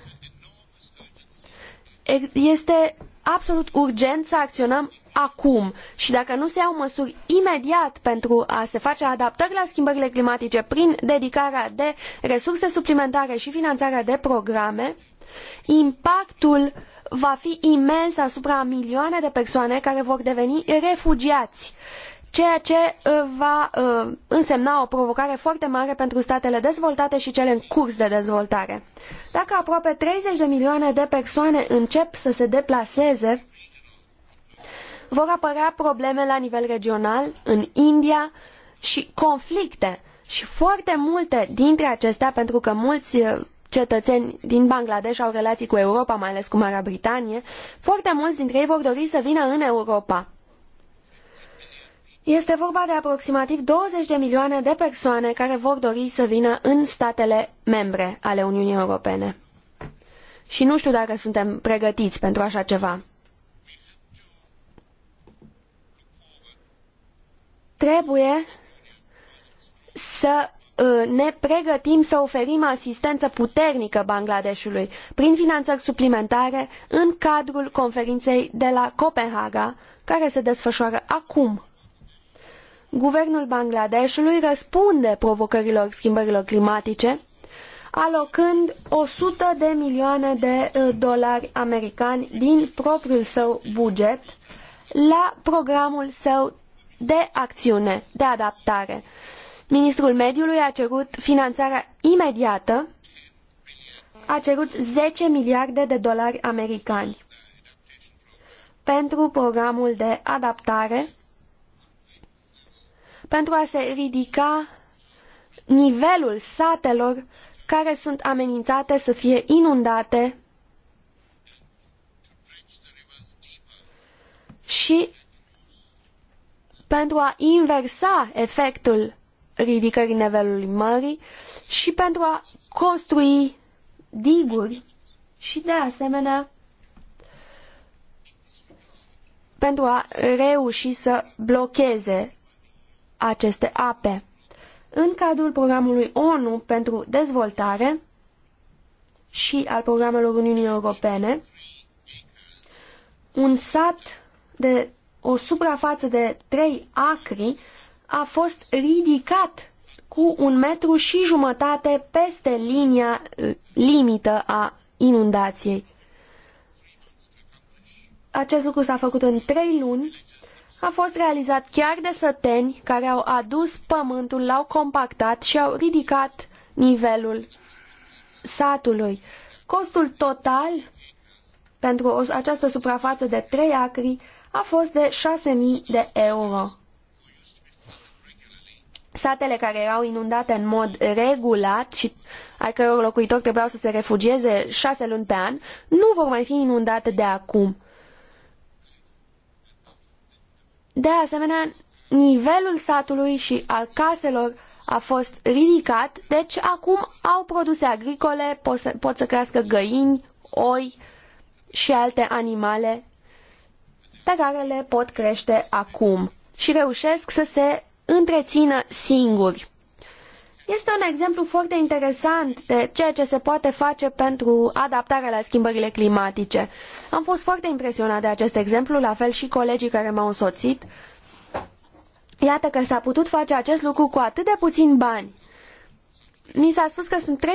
Este absolut urgent să acționăm acum și dacă nu se iau măsuri imediat pentru a se face adaptări la schimbările climatice prin dedicarea de resurse suplimentare și finanțarea de programe, impactul va fi imens asupra milioane de persoane care vor deveni refugiați ceea ce uh, va uh, însemna o provocare foarte mare pentru statele dezvoltate și cele în curs de dezvoltare. Dacă aproape 30 de milioane de persoane încep să se deplaseze, vor apărea probleme la nivel regional, în India și conflicte. Și foarte multe dintre acestea, pentru că mulți uh, cetățeni din Bangladesh au relații cu Europa, mai ales cu Marea Britanie, foarte mulți dintre ei vor dori să vină în Europa. Este vorba de aproximativ 20 de milioane de persoane care vor dori să vină în statele membre ale Uniunii Europene. Și nu știu dacă suntem pregătiți pentru așa ceva. Trebuie să uh, ne pregătim să oferim asistență puternică Bangladeshului prin finanțări suplimentare în cadrul conferinței de la Copenhaga, care se desfășoară acum. Guvernul Bangladeshului răspunde provocărilor schimbărilor climatice, alocând 100 de milioane de uh, dolari americani din propriul său buget la programul său de acțiune, de adaptare. Ministrul Mediului a cerut finanțarea imediată, a cerut 10 miliarde de dolari americani pentru programul de adaptare, pentru a se ridica nivelul satelor care sunt amenințate să fie inundate și pentru a inversa efectul ridicării nivelului mării și pentru a construi diguri și de asemenea pentru a reuși să blocheze aceste ape. În cadrul programului ONU pentru dezvoltare și al programelor Uniunii Europene, un sat de o suprafață de 3 acri a fost ridicat cu un metru și jumătate peste linia eh, limită a inundației. Acest lucru s-a făcut în trei luni, a fost realizat chiar de săteni care au adus pământul, l-au compactat și au ridicat nivelul satului. Costul total pentru această suprafață de 3 acri a fost de 6.000 de euro. Satele care erau inundate în mod regulat și ai căror locuitori trebuiau să se refugieze șase luni pe an, nu vor mai fi inundate de acum. De asemenea, nivelul satului și al caselor a fost ridicat, deci acum au produse agricole, pot să, pot să crească găini, oi și alte animale pe care le pot crește acum și reușesc să se întrețină singuri. Este un exemplu foarte interesant de ceea ce se poate face pentru adaptarea la schimbările climatice. Am fost foarte impresionat de acest exemplu, la fel și colegii care m-au însoțit. Iată că s-a putut face acest lucru cu atât de puțin bani mi s-a spus că sunt 30.000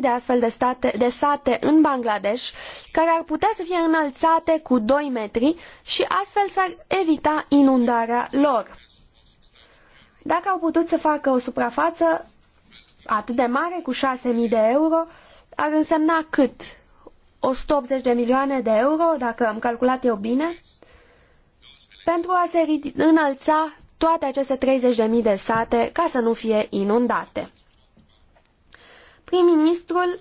de astfel de, state, de sate în Bangladesh care ar putea să fie înălțate cu 2 metri și astfel s-ar evita inundarea lor. Dacă au putut să facă o suprafață atât de mare, cu 6.000 de euro, ar însemna cât? 180 de milioane de euro, dacă am calculat eu bine, pentru a se înălța toate aceste 30.000 de sate ca să nu fie inundate. Prim-ministrul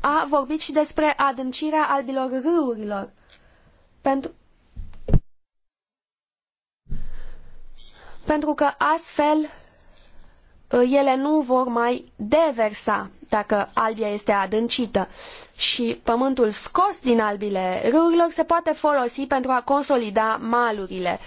a vorbit și despre adâncirea albilor râurilor. Pentru, pentru că astfel uh, ele nu vor mai deversa dacă albia este adâncită și pământul scos din albile râurilor se poate folosi pentru a consolida malurile.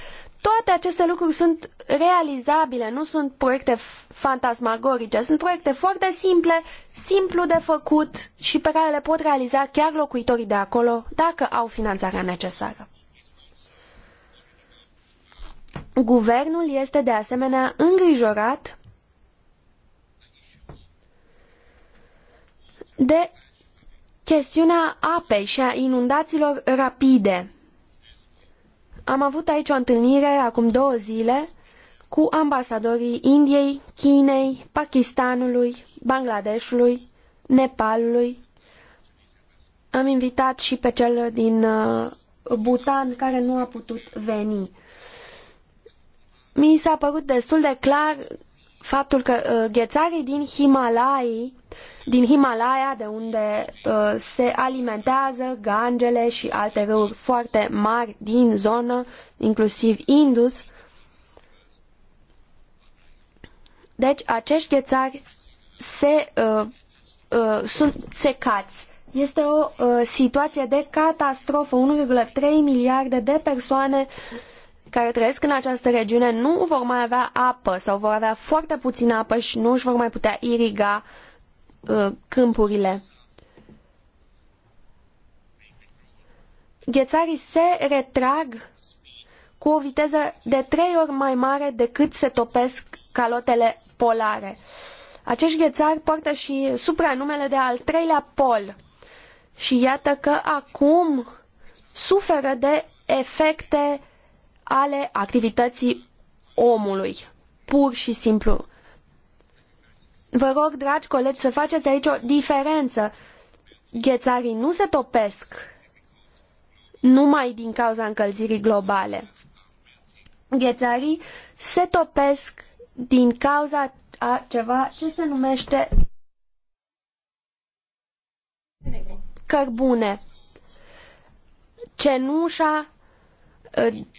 Toate aceste lucruri sunt realizabile, nu sunt proiecte fantasmagorice, sunt proiecte foarte simple, simplu de făcut și pe care le pot realiza chiar locuitorii de acolo dacă au finanțarea necesară. Guvernul este de asemenea îngrijorat de chestiunea apei și a inundațiilor rapide am avut aici o întâlnire acum două zile cu ambasadorii Indiei, Chinei, Pakistanului, Bangladeshului, Nepalului. Am invitat și pe cel din uh, Bhutan care nu a putut veni. Mi s-a părut destul de clar faptul că uh, ghețarii din Himalai, din Himalaya, de unde uh, se alimentează gangele și alte râuri foarte mari din zonă, inclusiv Indus. Deci acești ghețari se, uh, uh, sunt secați. Este o uh, situație de catastrofă. 1,3 miliarde de persoane uh, care trăiesc în această regiune nu vor mai avea apă sau vor avea foarte puțină apă și nu își vor mai putea iriga uh, câmpurile. Ghețarii se retrag cu o viteză de trei ori mai mare decât se topesc calotele polare. Acești ghețari poartă și supranumele de al treilea pol. Și iată că acum suferă de efecte ale activității omului, pur și simplu. Vă rog, dragi colegi, să faceți aici o diferență. Ghețarii nu se topesc numai din cauza încălzirii globale. Ghețarii se topesc din cauza a ceva ce se numește cărbune. Cenușa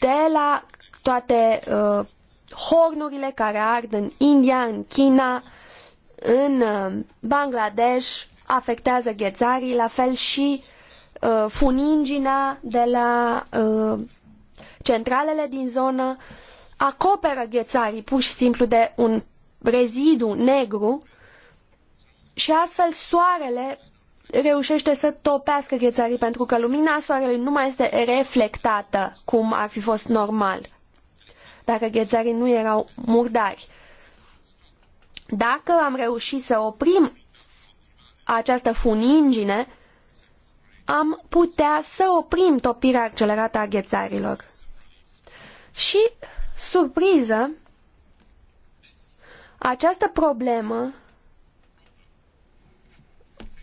de la toate uh, hornurile care ard în India, în China, în uh, Bangladesh, afectează ghețarii, la fel și uh, funingina de la uh, centralele din zonă acoperă ghețarii pur și simplu de un rezidu negru și astfel soarele reușește să topească ghețarii pentru că lumina soarelui nu mai este reflectată cum ar fi fost normal dacă ghețarii nu erau murdari. Dacă am reușit să oprim această funingine, am putea să oprim topirea accelerată a ghețarilor. Și, surpriză, această problemă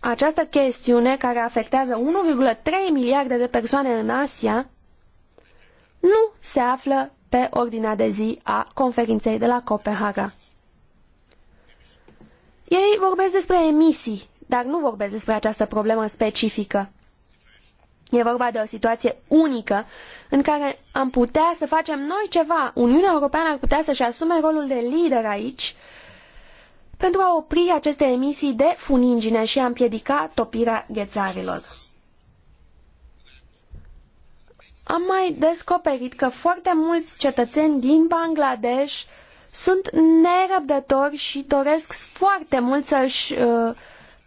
această chestiune care afectează 1,3 miliarde de persoane în Asia nu se află pe ordinea de zi a conferinței de la Copenhaga. Ei vorbesc despre emisii, dar nu vorbesc despre această problemă specifică. E vorba de o situație unică în care am putea să facem noi ceva. Uniunea Europeană ar putea să-și asume rolul de lider aici pentru a opri aceste emisii de funingine și a împiedica topirea ghețarilor. Am mai descoperit că foarte mulți cetățeni din Bangladesh sunt nerăbdători și doresc foarte mult să-și uh,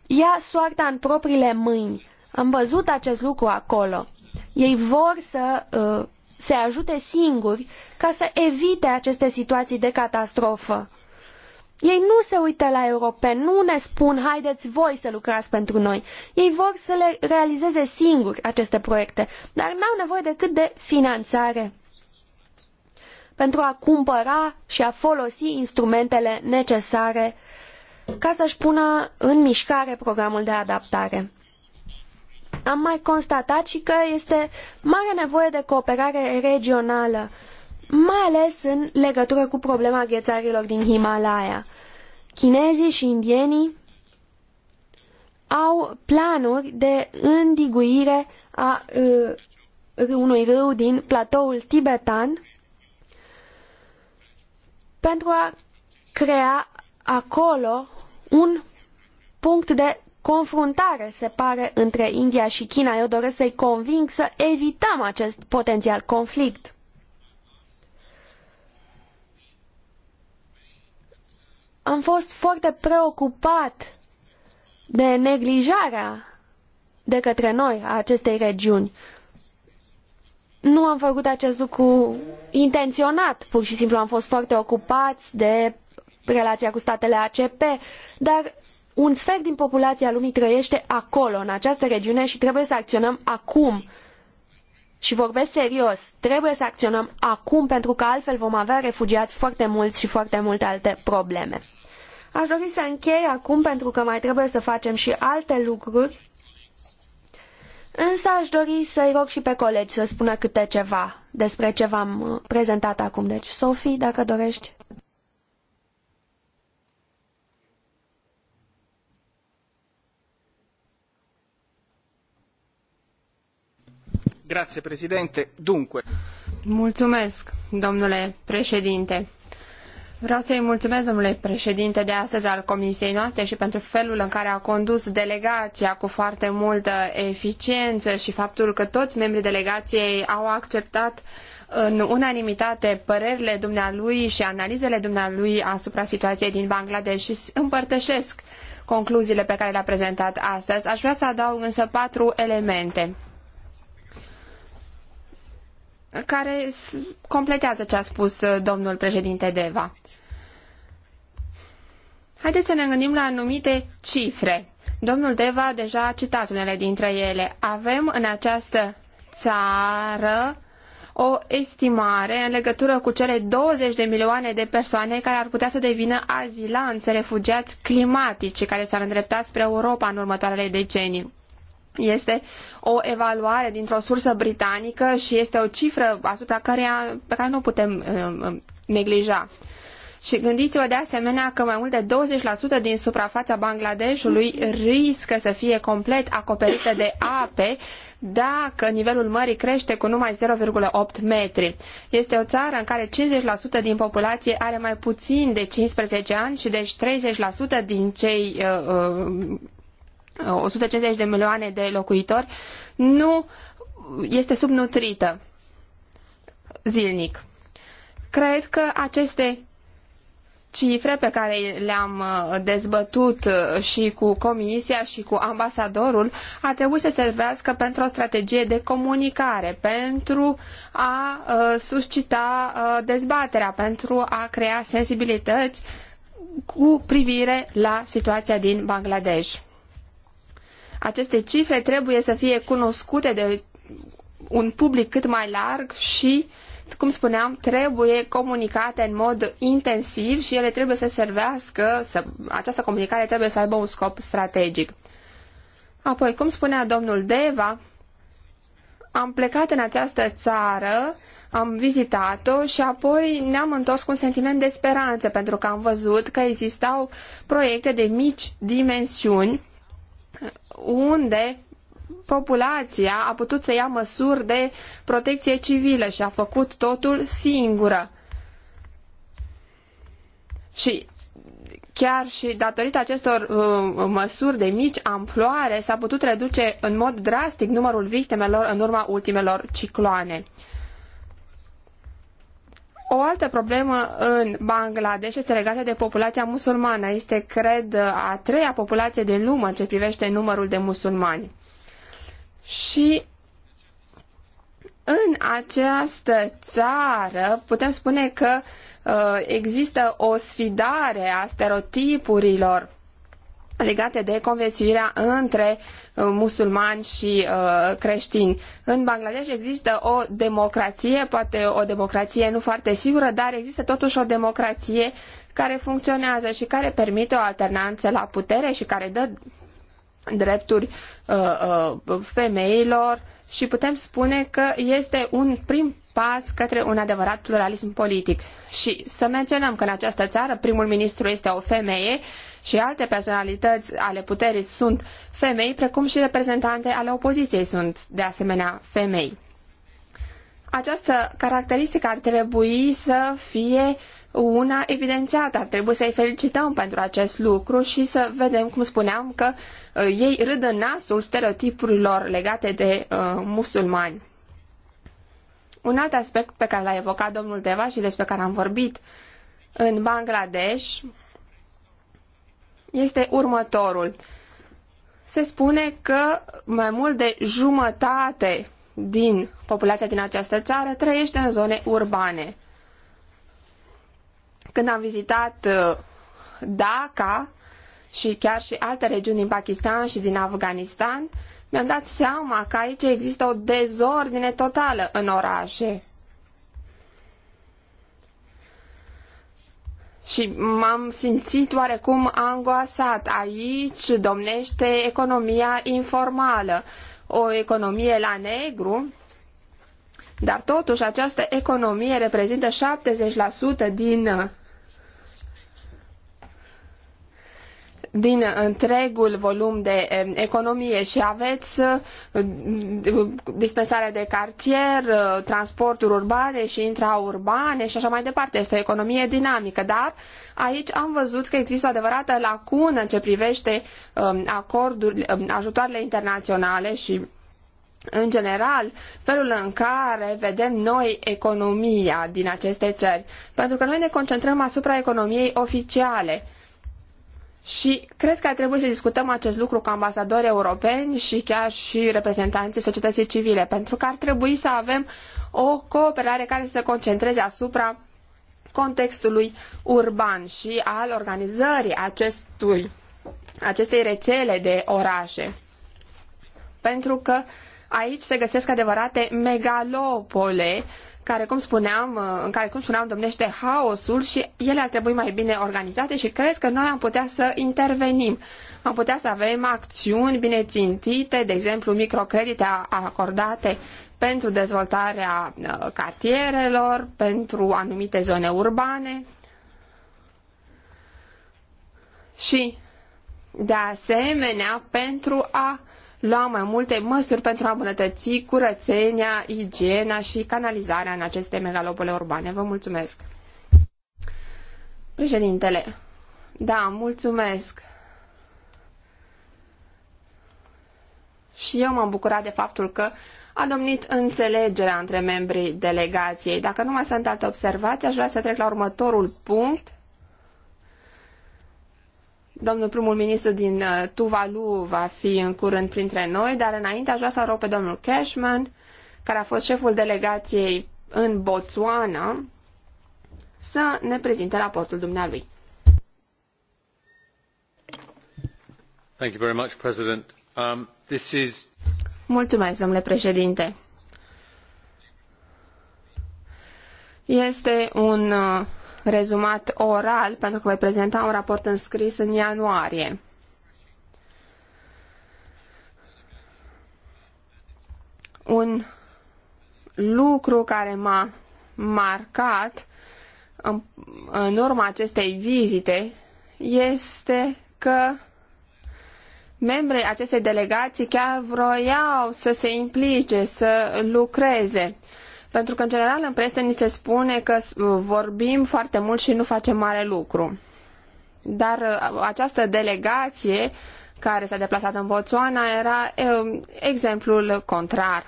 ia soarta în propriile mâini. Am văzut acest lucru acolo. Ei vor să uh, se ajute singuri ca să evite aceste situații de catastrofă. Ei nu se uită la europeni, nu ne spun haideți voi să lucrați pentru noi. Ei vor să le realizeze singuri aceste proiecte, dar n-au nevoie decât de finanțare pentru a cumpăra și a folosi instrumentele necesare ca să-și pună în mișcare programul de adaptare. Am mai constatat și că este mare nevoie de cooperare regională mai ales în legătură cu problema ghețarilor din Himalaya. Chinezii și indienii au planuri de îndiguire a uh, unui râu din platoul tibetan pentru a crea acolo un punct de confruntare, se pare, între India și China. Eu doresc să-i conving să evităm acest potențial conflict. am fost foarte preocupat de neglijarea de către noi a acestei regiuni. Nu am făcut acest lucru intenționat, pur și simplu am fost foarte ocupați de relația cu statele ACP, dar un sfert din populația lumii trăiește acolo, în această regiune și trebuie să acționăm acum și vorbesc serios, trebuie să acționăm acum pentru că altfel vom avea refugiați foarte mulți și foarte multe alte probleme. Aș dori să închei acum pentru că mai trebuie să facem și alte lucruri, însă aș dori să-i rog și pe colegi să spună câte ceva despre ce v-am uh, prezentat acum. Deci, Sofie, dacă dorești. Grazie, președinte. Dunque. Mulțumesc, domnule președinte. Vreau să-i mulțumesc, domnule președinte, de astăzi al comisiei noastre și pentru felul în care a condus delegația cu foarte multă eficiență și faptul că toți membrii delegației au acceptat în unanimitate părerile dumnealui și analizele dumnealui asupra situației din Bangladesh și împărtășesc concluziile pe care le-a prezentat astăzi. Aș vrea să adaug însă patru elemente care completează ce a spus uh, domnul președinte Deva. Haideți să ne gândim la anumite cifre. Domnul Deva deja a citat unele dintre ele. Avem în această țară o estimare în legătură cu cele 20 de milioane de persoane care ar putea să devină azilanți, refugiați climatici care s-ar îndrepta spre Europa în următoarele decenii este o evaluare dintr-o sursă britanică și este o cifră asupra căreia, pe care nu o putem uh, uh, neglija. Și gândiți-vă de asemenea că mai mult de 20% din suprafața Bangladeshului riscă să fie complet acoperită de ape dacă nivelul mării crește cu numai 0,8 metri. Este o țară în care 50% din populație are mai puțin de 15 ani și deci 30% din cei uh, uh 150 de milioane de locuitori, nu este subnutrită zilnic. Cred că aceste cifre pe care le-am uh, dezbătut uh, și cu comisia și cu ambasadorul ar trebui să servească pentru o strategie de comunicare, pentru a uh, suscita dezbaterea, pentru a crea sensibilități cu privire la situația din Bangladesh. Aceste cifre trebuie să fie cunoscute de un public cât mai larg și, cum spuneam, trebuie comunicate în mod intensiv și ele trebuie să servească, să, această comunicare trebuie să aibă un scop strategic. Apoi, cum spunea domnul Deva, am plecat în această țară, am vizitat-o și apoi ne-am întors cu un sentiment de speranță pentru că am văzut că existau proiecte de mici dimensiuni unde populația a putut să ia măsuri de protecție civilă și a făcut totul singură. Și chiar și datorită acestor uh, măsuri de mici amploare s-a putut reduce în mod drastic numărul victimelor în urma ultimelor cicloane. Uh, o altă problemă în Bangladesh este legată de populația musulmană. Este, cred, a treia populație din lume în ce privește numărul de musulmani. Și în această țară putem spune că uh, există o sfidare a stereotipurilor legate de conviețuirea între uh, musulmani și uh, creștini. În Bangladesh există o democrație, poate o democrație nu foarte sigură, dar există totuși o democrație care funcționează și care permite o alternanță la putere și care dă drepturi uh, femeilor și putem spune că este un prim pas către un adevărat pluralism politic. Și să menționăm că în această țară primul ministru este o femeie, uh, și alte personalități ale puterii sunt femei, precum și reprezentante ale opoziției sunt de asemenea femei. Această caracteristică ar trebui să fie una evidențiată, ar trebui să-i felicităm pentru acest lucru și să vedem, cum spuneam, că uh, ei râd în nasul stereotipurilor legate de uh, musulmani. Un alt aspect pe care l-a evocat domnul Deva și despre care am vorbit în Bangladesh, este următorul. Se spune că mai mult de jumătate din populația din această țară trăiește în zone urbane. Când am vizitat uh, Dhaka și chiar și alte regiuni din Pakistan și din Afganistan, mi-am dat seama că aici există o dezordine totală în orașe. și m-am simțit oarecum angoasat. Aici domnește economia informală, o economie la negru, dar totuși această economie reprezintă 70% din din întregul volum de eh, economie și aveți eh, dispensarea de cartier, eh, transporturi urbane și intraurbane și așa mai departe. Este o economie dinamică, dar aici am văzut că există o adevărată lacună în ce privește acordul, ajutoarele internaționale și în general, felul în care vedem noi economia din aceste țări, pentru că noi ne concentrăm asupra economiei oficiale și cred că trebuie să discutăm acest lucru cu ambasadori europeni și chiar și reprezentanții societății civile, pentru că ar trebui să avem o cooperare care să se concentreze asupra contextului urban și al organizării acestui, acestei rețele de orașe. Pentru că aici se găsesc adevărate megalopole care, cum spuneam, uh, în care, cum spuneam, domnește haosul și ele ar trebui mai bine organizate și cred că noi am putea să intervenim. Am putea să avem acțiuni bine țintite, de exemplu, microcredite acordate pentru dezvoltarea uh, cartierelor, pentru anumite zone urbane. Și, de asemenea, pentru a lua mai multe măsuri pentru a îmbunătăți curățenia, igiena și canalizarea în aceste megalopole urbane. Vă mulțumesc! Președintele, da, mulțumesc! Și eu m-am bucurat de faptul că a domnit înțelegerea între membrii delegației. Dacă nu mai sunt alte observații, aș vrea să trec la următorul punct, Domnul primul ministru din uh, Tuvalu va fi în curând printre noi, dar înainte aș vrea să rog pe domnul Cashman, care a fost șeful delegației în Botswana, să ne prezinte raportul dumnealui. Thank you very much, President. Um, this is... Mulțumesc, domnule președinte. Este un uh, rezumat oral, pentru că voi prezenta un raport înscris în ianuarie. Un lucru care m-a marcat în, în urma acestei vizite este că membrii acestei delegații chiar vroiau să se implice, să lucreze. Pentru că, în general, în presă ni se spune că uh, vorbim foarte mult și nu facem mare lucru. Dar uh, această delegație care s-a deplasat în Botswana era uh, exemplul contrar.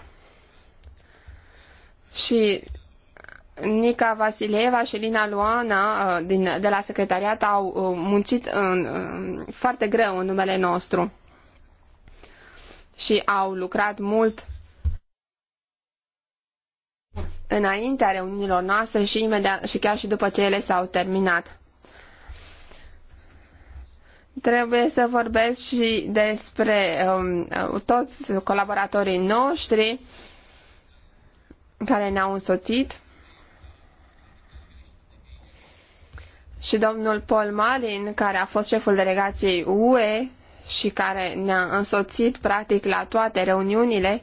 Și Nica Vasileva și Lina Luana din, de la secretariat au muncit în, foarte greu în numele nostru și au lucrat mult înaintea reuniunilor noastre și, imediat, și chiar și după ce ele s-au terminat. Trebuie să vorbesc și despre um, uh, toți colaboratorii noștri care ne-au însoțit. Și domnul Paul Malin, care a fost șeful delegației UE și care ne-a însoțit practic la toate reuniunile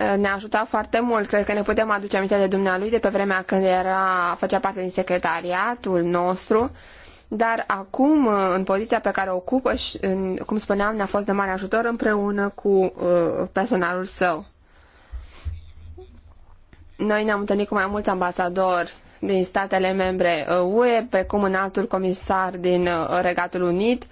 Eh, ne-a ajutat foarte mult. Cred că ne putem aduce aminte de dumnealui de pe vremea când era, făcea parte din secretariatul nostru, dar acum, eh, în poziția pe care o ocupă, și, în, cum spuneam, ne-a fost de mare ajutor împreună cu uh, personalul său. Noi ne-am întâlnit cu mai mulți ambasadori din statele membre UE, precum un altul comisar din Regatul Unit, uh,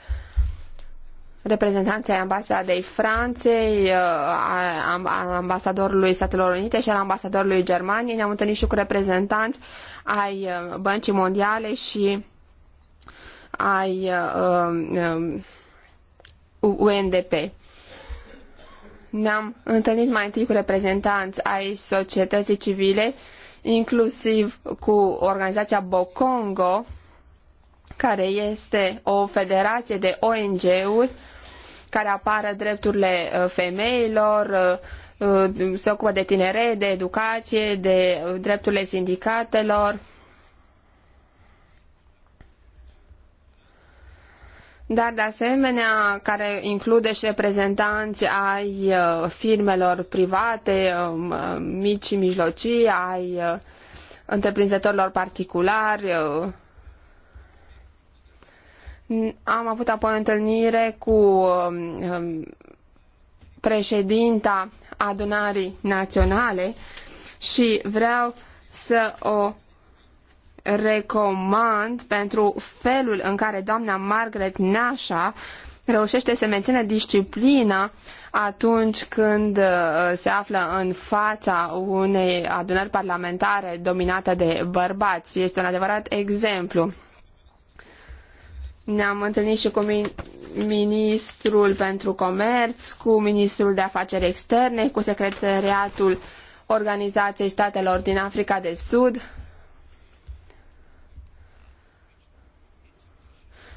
reprezentanții ai ambasadei Franței, uh, a ambasadorului Statelor Unite și al ambasadorului Germaniei. Ne-am întâlnit și cu reprezentanți ai uh, Băncii Mondiale și ai UNDP. Uh, um, um, Ne-am întâlnit mai întâi cu reprezentanți ai societății civile, inclusiv cu organizația Bocongo, care este o federație de ONG-uri care apară drepturile uh, femeilor, uh, uh, se ocupă de tinere, de educație, de drepturile sindicatelor. Dar de asemenea, care include și reprezentanți ai firmelor private, um, mici și mijlocii, ai întreprinzătorilor particulari, am avut apoi o întâlnire cu um, um, președinta adunării naționale și vreau să o recomand pentru felul în care doamna Margaret Nasha reușește să mențină disciplina atunci când uh, se află în fața unei adunări parlamentare dominată de bărbați. Este un adevărat exemplu. Ne-am întâlnit și cu ministrul pentru comerț, cu ministrul de afaceri externe, cu secretariatul Organizației Statelor din Africa de Sud,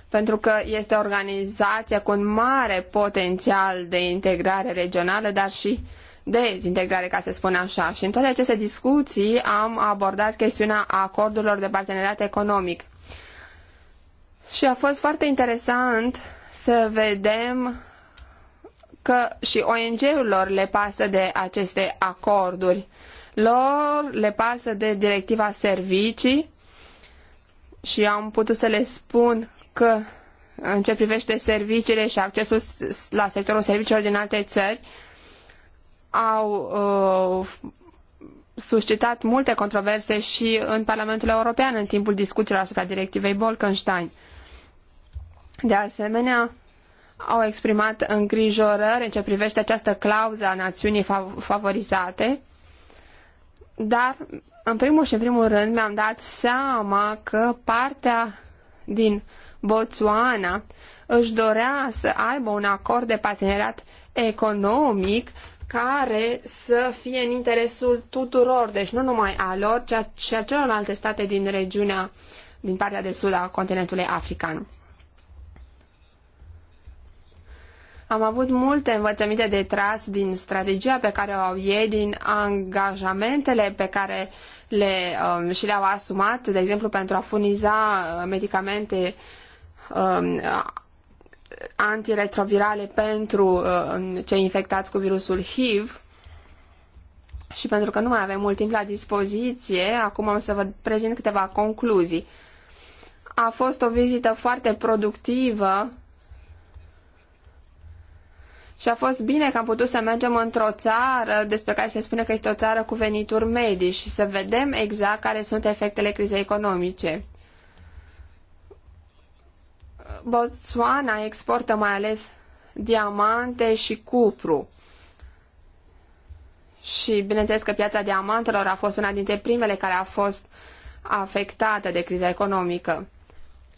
pentru că este o organizație cu un mare potențial de integrare regională, dar și dezintegrare, ca să spun așa. Și în toate aceste discuții am abordat chestiunea acordurilor de parteneriat economic. Și a fost foarte interesant să vedem că și ONG-urilor le pasă de aceste acorduri. Lor le pasă de directiva servicii și am putut să le spun că în ce privește serviciile și accesul la sectorul serviciilor din alte țări au uh, suscitat multe controverse și în Parlamentul European în timpul discuțiilor asupra directivei Bolkenstein. De asemenea, au exprimat îngrijorări în ce privește această clauză a națiunii favorizate, dar în primul și în primul rând mi-am dat seama că partea din Botswana își dorea să aibă un acord de parteneriat economic care să fie în interesul tuturor, deci nu numai a lor, ci a, ci a celorlalte state din regiunea, din partea de sud a continentului african. Am avut multe învățăminte de tras din strategia pe care o au ei, din angajamentele pe care le, um, și le-au asumat, de exemplu, pentru a furniza uh, medicamente um, antiretrovirale pentru um, cei infectați cu virusul HIV. Și pentru că nu mai avem mult timp la dispoziție, acum am să vă prezint câteva concluzii. A fost o vizită foarte productivă și a fost bine că am putut să mergem într-o țară despre care se spune că este o țară cu venituri medii și să vedem exact care sunt efectele crizei economice. Botswana exportă mai ales diamante și cupru. Și bineînțeles că piața diamantelor a fost una dintre primele care a fost afectată de criza economică.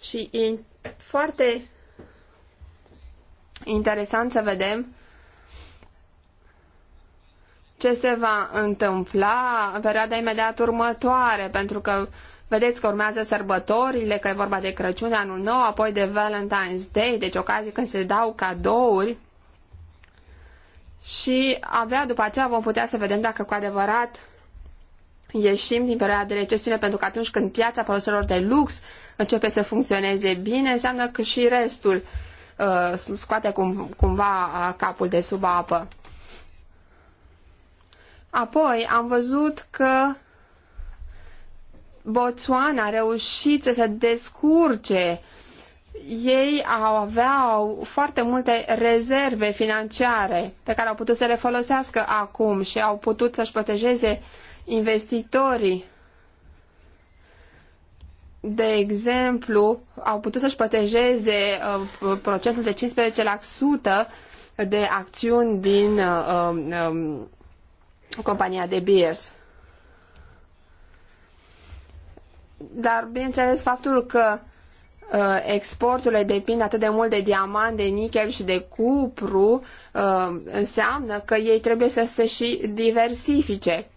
Și e foarte interesant să vedem ce se va întâmpla în perioada imediat următoare, pentru că vedeți că urmează sărbătorile, că e vorba de Crăciun, anul nou, apoi de Valentine's Day, deci ocazii când se dau cadouri și abia după aceea vom putea să vedem dacă cu adevărat ieșim din perioada de recesiune, pentru că atunci când piața produselor de lux începe să funcționeze bine, înseamnă că și restul uh, scoate cum, cumva uh, capul de sub apă. Apoi am văzut că Botswana a reușit să se descurce. Ei au, aveau foarte multe rezerve financiare pe care au putut să le folosească acum și au putut să-și protejeze investitorii de exemplu, au putut să-și protejeze uh, procentul de 15% de acțiuni din uh, um, um, compania de Beers. Dar, bineînțeles, faptul că uh, exporturile depind atât de mult de diamant, de nichel și de cupru, uh, înseamnă că ei trebuie să se și diversifice.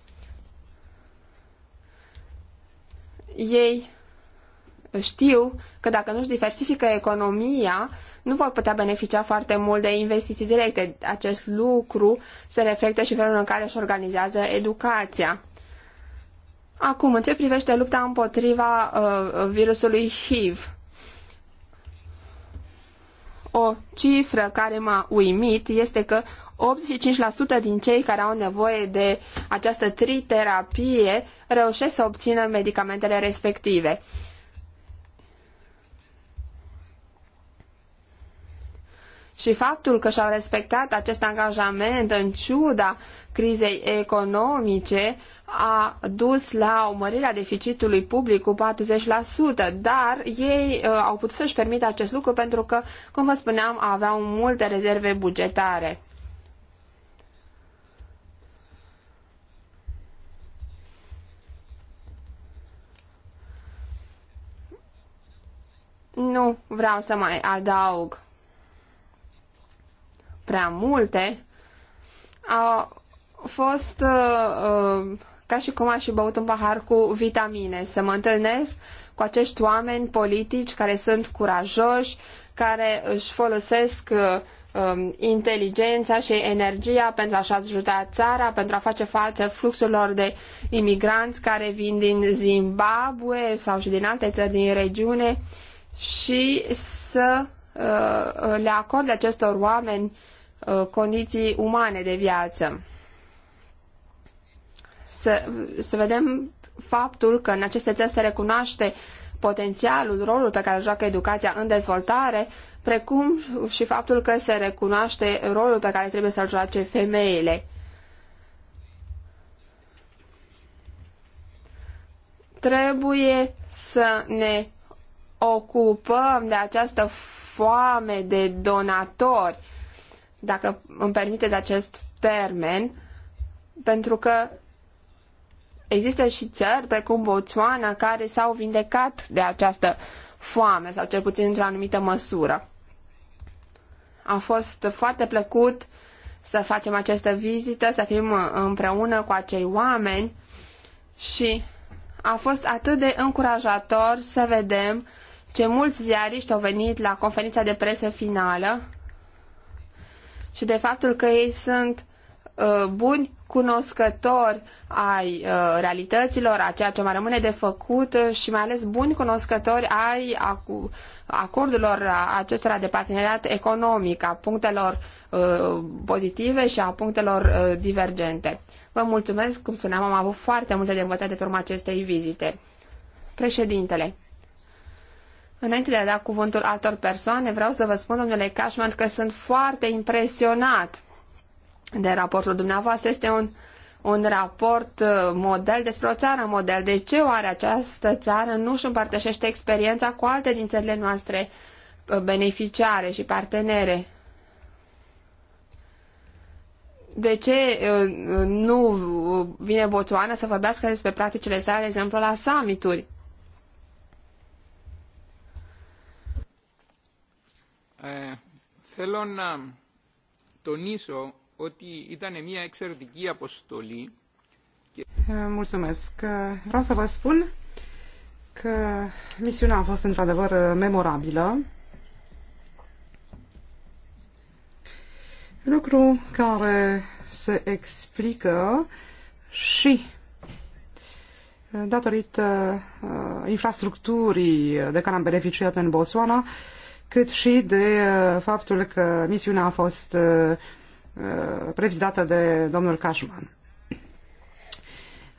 Ei știu că dacă nu-și diversifică economia, nu vor putea beneficia foarte mult de investiții directe. Acest lucru se reflectă și felul în care își organizează educația. Acum, în ce privește lupta împotriva uh, virusului HIV, o cifră care m-a uimit este că 85% din cei care au nevoie de această triterapie reușesc să obțină medicamentele respective. Și faptul că și-au respectat acest angajament în ciuda crizei economice a dus la o mărire a deficitului public cu 40%, dar ei uh, au putut să-și permită acest lucru pentru că, cum vă spuneam, aveau multe rezerve bugetare. Nu vreau să mai adaug prea multe, a fost uh, uh, ca și cum aș fi băut un pahar cu vitamine, să mă întâlnesc cu acești oameni politici care sunt curajoși, care își folosesc uh, um, inteligența și energia pentru a-și ajuta țara, pentru a face față fluxurilor de imigranți care vin din Zimbabwe sau și din alte țări din regiune și să uh, le acorde acestor oameni Uh, condiții umane de viață. Să, să vedem faptul că în aceste țări se recunoaște potențialul, rolul pe care îl joacă educația în dezvoltare, precum și faptul că se recunoaște rolul pe care trebuie să-l joace femeile. Trebuie să ne ocupăm de această foame de donatori dacă îmi permiteți acest termen, pentru că există și țări, precum Botswana, care s-au vindecat de această foame, sau cel puțin într-o anumită măsură. A fost foarte plăcut să facem această vizită, să fim împreună cu acei oameni și a fost atât de încurajator să vedem ce mulți ziariști au venit la conferința de presă finală și de faptul că ei sunt uh, buni cunoscători ai uh, realităților, a ceea ce mai rămâne de făcut uh, și mai ales buni cunoscători ai acordurilor uh, acestora de parteneriat economic, a punctelor uh, pozitive și a punctelor uh, divergente. Vă mulțumesc, cum spuneam, am avut foarte multe de învățat de pe urma acestei vizite. Președintele. Înainte de a da cuvântul altor persoane, vreau să vă spun, domnule Cashman, că sunt foarte impresionat de raportul dumneavoastră. Este un, un raport uh, model despre o țară model. De ce oare această țară nu își împărtășește experiența cu alte din țările noastre uh, beneficiare și partenere? De ce uh, nu vine Botswana să vorbească despre practicile sale, de exemplu, la summituri? θέλω να τονίσω ότι ήταν μια εξαιρετική αποστολή. Και... Mulțumesc. Vreau să vă spun că misiunea a fost într-adevăr memorabilă. Lucru care se explică și datorită infrastructurii de care am beneficiat în Botswana, cât și de uh, faptul că misiunea a fost uh, uh, prezidată de domnul Cashman.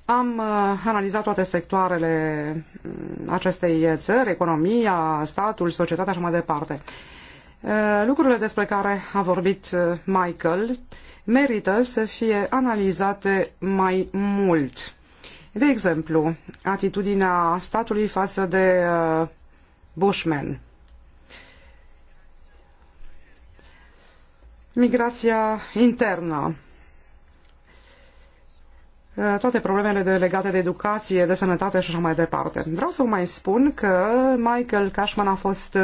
Am analizat toate sectoarele mm, acestei țări, economia, statul, societatea și mai departe. Lucrurile despre care a vorbit Michael merită să fie analizate mai mult. De exemplu, atitudinea statului față de Bushmen. Migrația internă. Eh, toate problemele de, legate de educație, de sănătate și așa mai departe. Vreau să vă mai spun că Michael Cashman a fost eh,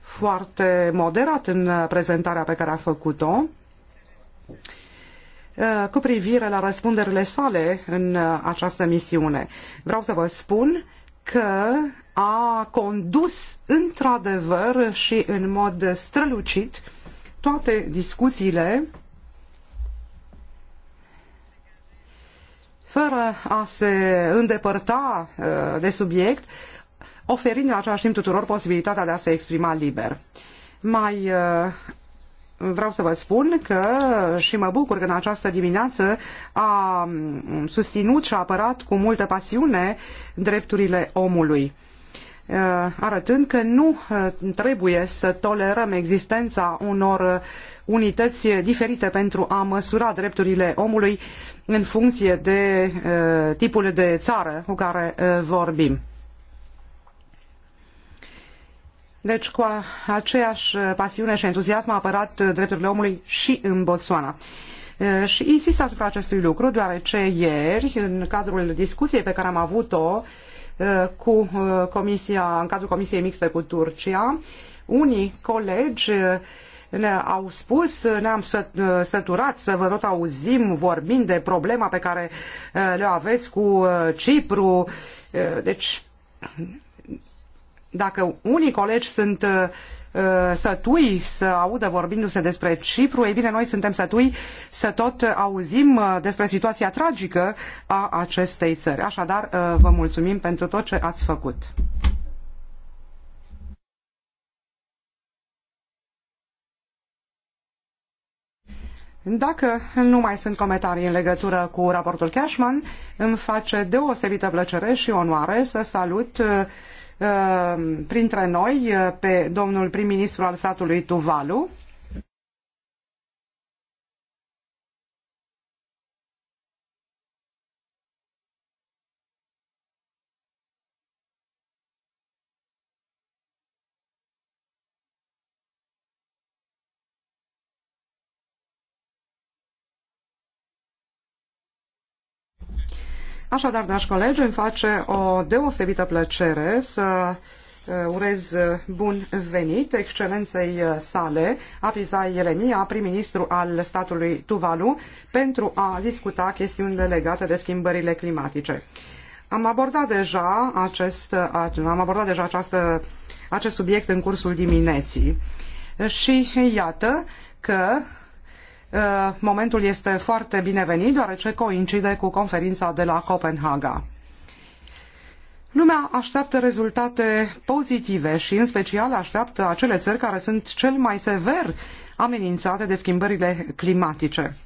foarte moderat în eh, prezentarea pe care a făcut-o cu privire la răspunderile sale în această misiune. Vreau să vă spun că a condus într-adevăr și în mod strălucit uh, toate discuțiile fără a se îndepărta uh, de subiect, oferind în același timp tuturor posibilitatea de a se exprima liber. Mai uh, vreau să vă spun că și mă bucur că în această dimineață a mm, susținut și a apărat cu multă pasiune drepturile omului. Uh, arătând că nu uh, trebuie să tolerăm existența unor uh, unități diferite pentru a măsura drepturile omului în funcție de tipul de țară cu care vorbim. Deci cu aceeași pasiune și entuziasm a apărat drepturile omului și în Botswana. Și insist asupra acestui lucru, deoarece ieri, în cadrul discuției pe care am avut-o cu uh, comisia, în cadrul Comisiei Mixte cu Turcia. Unii colegi uh, ne-au spus, uh, ne-am săturat să vă tot auzim vorbind de problema pe care le aveți cu Cipru. Deci, dacă unii colegi sunt Uh, sătui să audă vorbindu-se despre Cipru, ei bine, noi suntem sătui să tot auzim uh, despre situația tragică a acestei țări. Așadar, uh, vă mulțumim pentru tot ce ați făcut. Dacă nu mai sunt comentarii în legătură cu raportul Cashman, îmi face deosebită plăcere și onoare să salut Ehm, printre noi eh, pe domnul prim-ministru al statului Tuvalu, Așadar, dragi colegi, îmi face o deosebită plăcere să uh, urez bun venit excelenței uh, sale, Apizai Ieremia, prim-ministru al statului Tuvalu, pentru a discuta chestiunile legate de schimbările climatice. Am abordat deja acest, uh, am abordat deja această, acest subiect în cursul dimineții și iată că Uh, momentul este foarte binevenit, deoarece coincide cu conferința de la Copenhaga. Lumea așteaptă rezultate pozitive și în special așteaptă acele țări care sunt cel mai sever amenințate de schimbările climatice.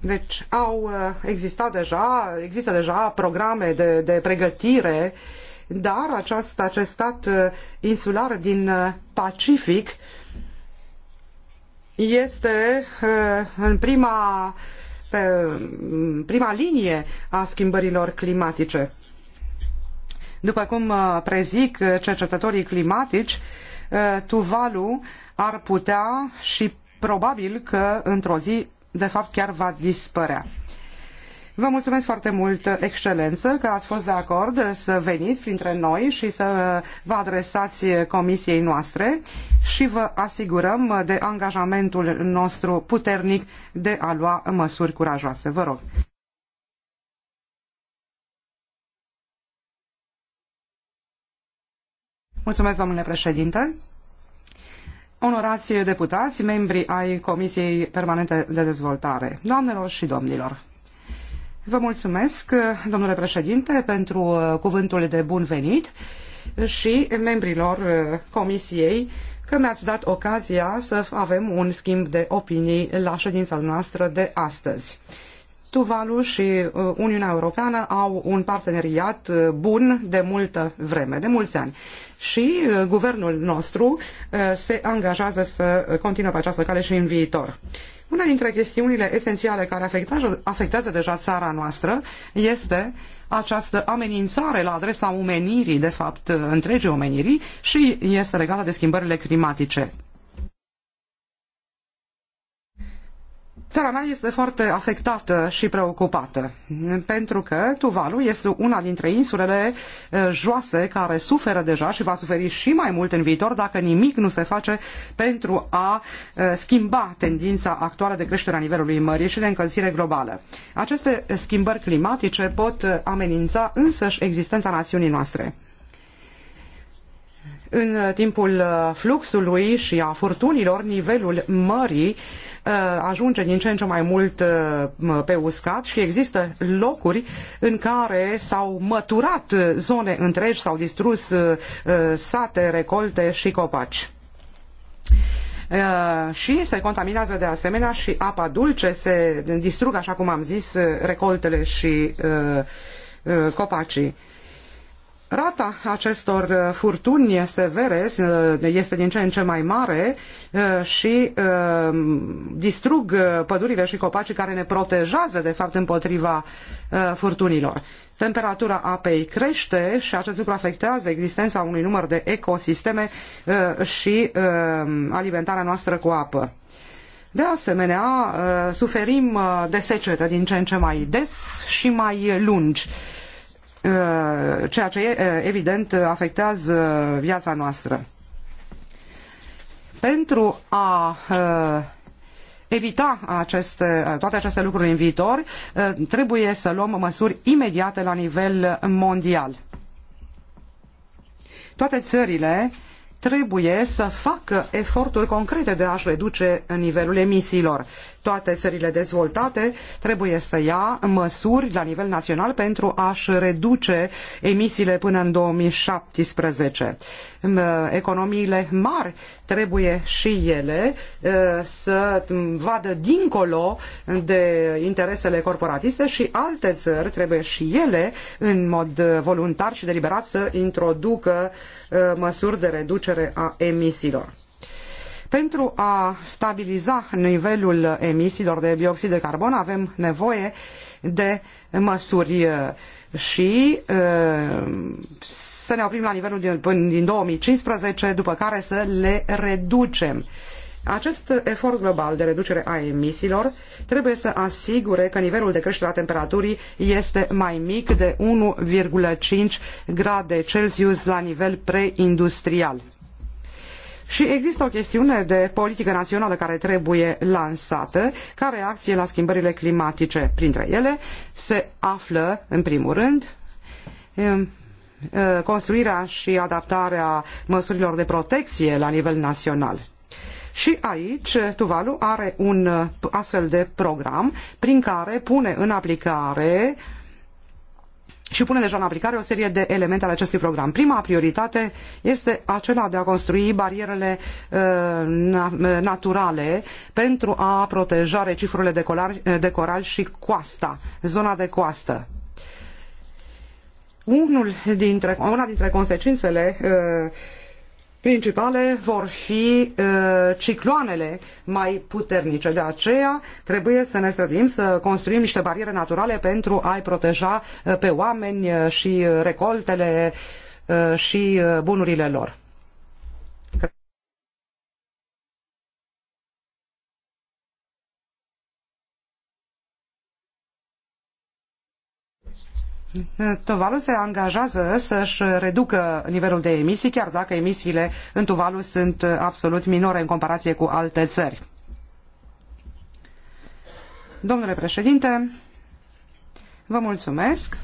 Deci au uh, existat deja, există deja programe de, de pregătire, dar acest, acest stat uh, insular din Pacific este uh, în prima, pe, în prima linie a schimbărilor climatice. După cum uh, prezic uh, cercetătorii climatici, Tuvalu ar putea și probabil că într-o zi, de fapt, chiar va dispărea. Vă mulțumesc foarte mult, Excelență, că ați fost de acord să veniți printre noi și să vă adresați comisiei noastre și vă asigurăm de angajamentul nostru puternic de a lua măsuri curajoase. Vă rog. Mulțumesc, domnule președinte. Onorați deputați, membri ai Comisiei Permanente de Dezvoltare, doamnelor și domnilor. Vă mulțumesc, domnule președinte, pentru uh, cuvântul de bun venit și membrilor uh, comisiei că mi-ați dat ocazia să avem un schimb de opinii la ședința noastră de astăzi. Tuvalu și uh, Uniunea Europeană au un parteneriat bun de multă vreme, de mulți ani. Și guvernul nostru se angajează să continue pe această cale și în viitor. Una dintre chestiunile esențiale care afectează, deja țara noastră este această amenințare la adresa omenirii, de fapt întregii omeniri și este legată de schimbările climatice. Țara mea este foarte afectată și preocupată, pentru că Tuvalu este una dintre insulele joase care suferă deja și va suferi și mai mult în viitor dacă nimic nu se face pentru a schimba tendința actuală de creștere a nivelului mării și de încălzire globală. Aceste schimbări climatice pot amenința însăși existența națiunii noastre. În timpul uh, fluxului și a furtunilor, nivelul mării uh, ajunge din ce în ce mai mult uh, pe uscat și există locuri în care s-au măturat zone întregi, s-au distrus sate, recolte și copaci și se contaminează de asemenea și apa dulce, se distrug, așa cum am zis, recoltele și copacii. Rata acestor uh, furtuni severe uh, este din ce în ce mai mare uh, și distrug pădurile și copacii care ne protejează, de fapt, împotriva furtunilor. Temperatura apei crește și acest lucru afectează existența unui număr de ecosisteme și alimentarea noastră cu apă. De asemenea, suferim de secetă din ce în ce mai des și mai lungi Uh, ceea ce uh, evident afectează viața noastră. Pentru a uh, evita aceste, toate aceste lucruri în viitor, trebuie să luăm măsuri imediate la nivel mondial. Toate țările trebuie să facă eforturi concrete de a-și reduce nivelul emisiilor toate țările dezvoltate trebuie să ia măsuri la nivel național pentru a-și reduce emisiile până în 2017. Uh, economiile mari trebuie și ele uh, să vadă dincolo de interesele corporatiste și alte țări trebuie și ele în mod uh, voluntar și deliberat să introducă măsuri de reducere a emisiilor. Pentru a stabiliza nivelul emisiilor de bioxid de carbon avem nevoie de măsuri și uh, să ne oprim la nivelul din, 2015, după care să le reducem. Acest efort global de reducere a emisiilor trebuie să asigure că nivelul de creștere a temperaturii este mai mic de 1,5 grade Celsius la nivel preindustrial. Și există o chestiune de politică națională care trebuie lansată ca reacție la schimbările climatice. Printre ele se află, în primul rând, ă, construirea și adaptarea măsurilor de protecție la nivel național. Și aici Tuvalu are un ă, astfel de program prin care pune în aplicare uh, și pune deja în aplicare o serie de elemente ale acestui program. Prima prioritate este acela de a construi barierele uh, uh naturale pentru a proteja recifurile de, colar, uh, de coral și coasta, zona de coastă. Unul dintre, una dintre consecințele uh, principale vor fi uh, cicloanele mai puternice. De aceea trebuie să ne străduim să construim niște bariere naturale pentru a-i proteja uh, pe oameni uh, și recoltele și bunurile lor. Tuvalu se angajează să-și reducă nivelul de emisii, chiar dacă emisiile în Tuvalu sunt absolut minore în comparație cu alte țări. Domnule președinte, vă mulțumesc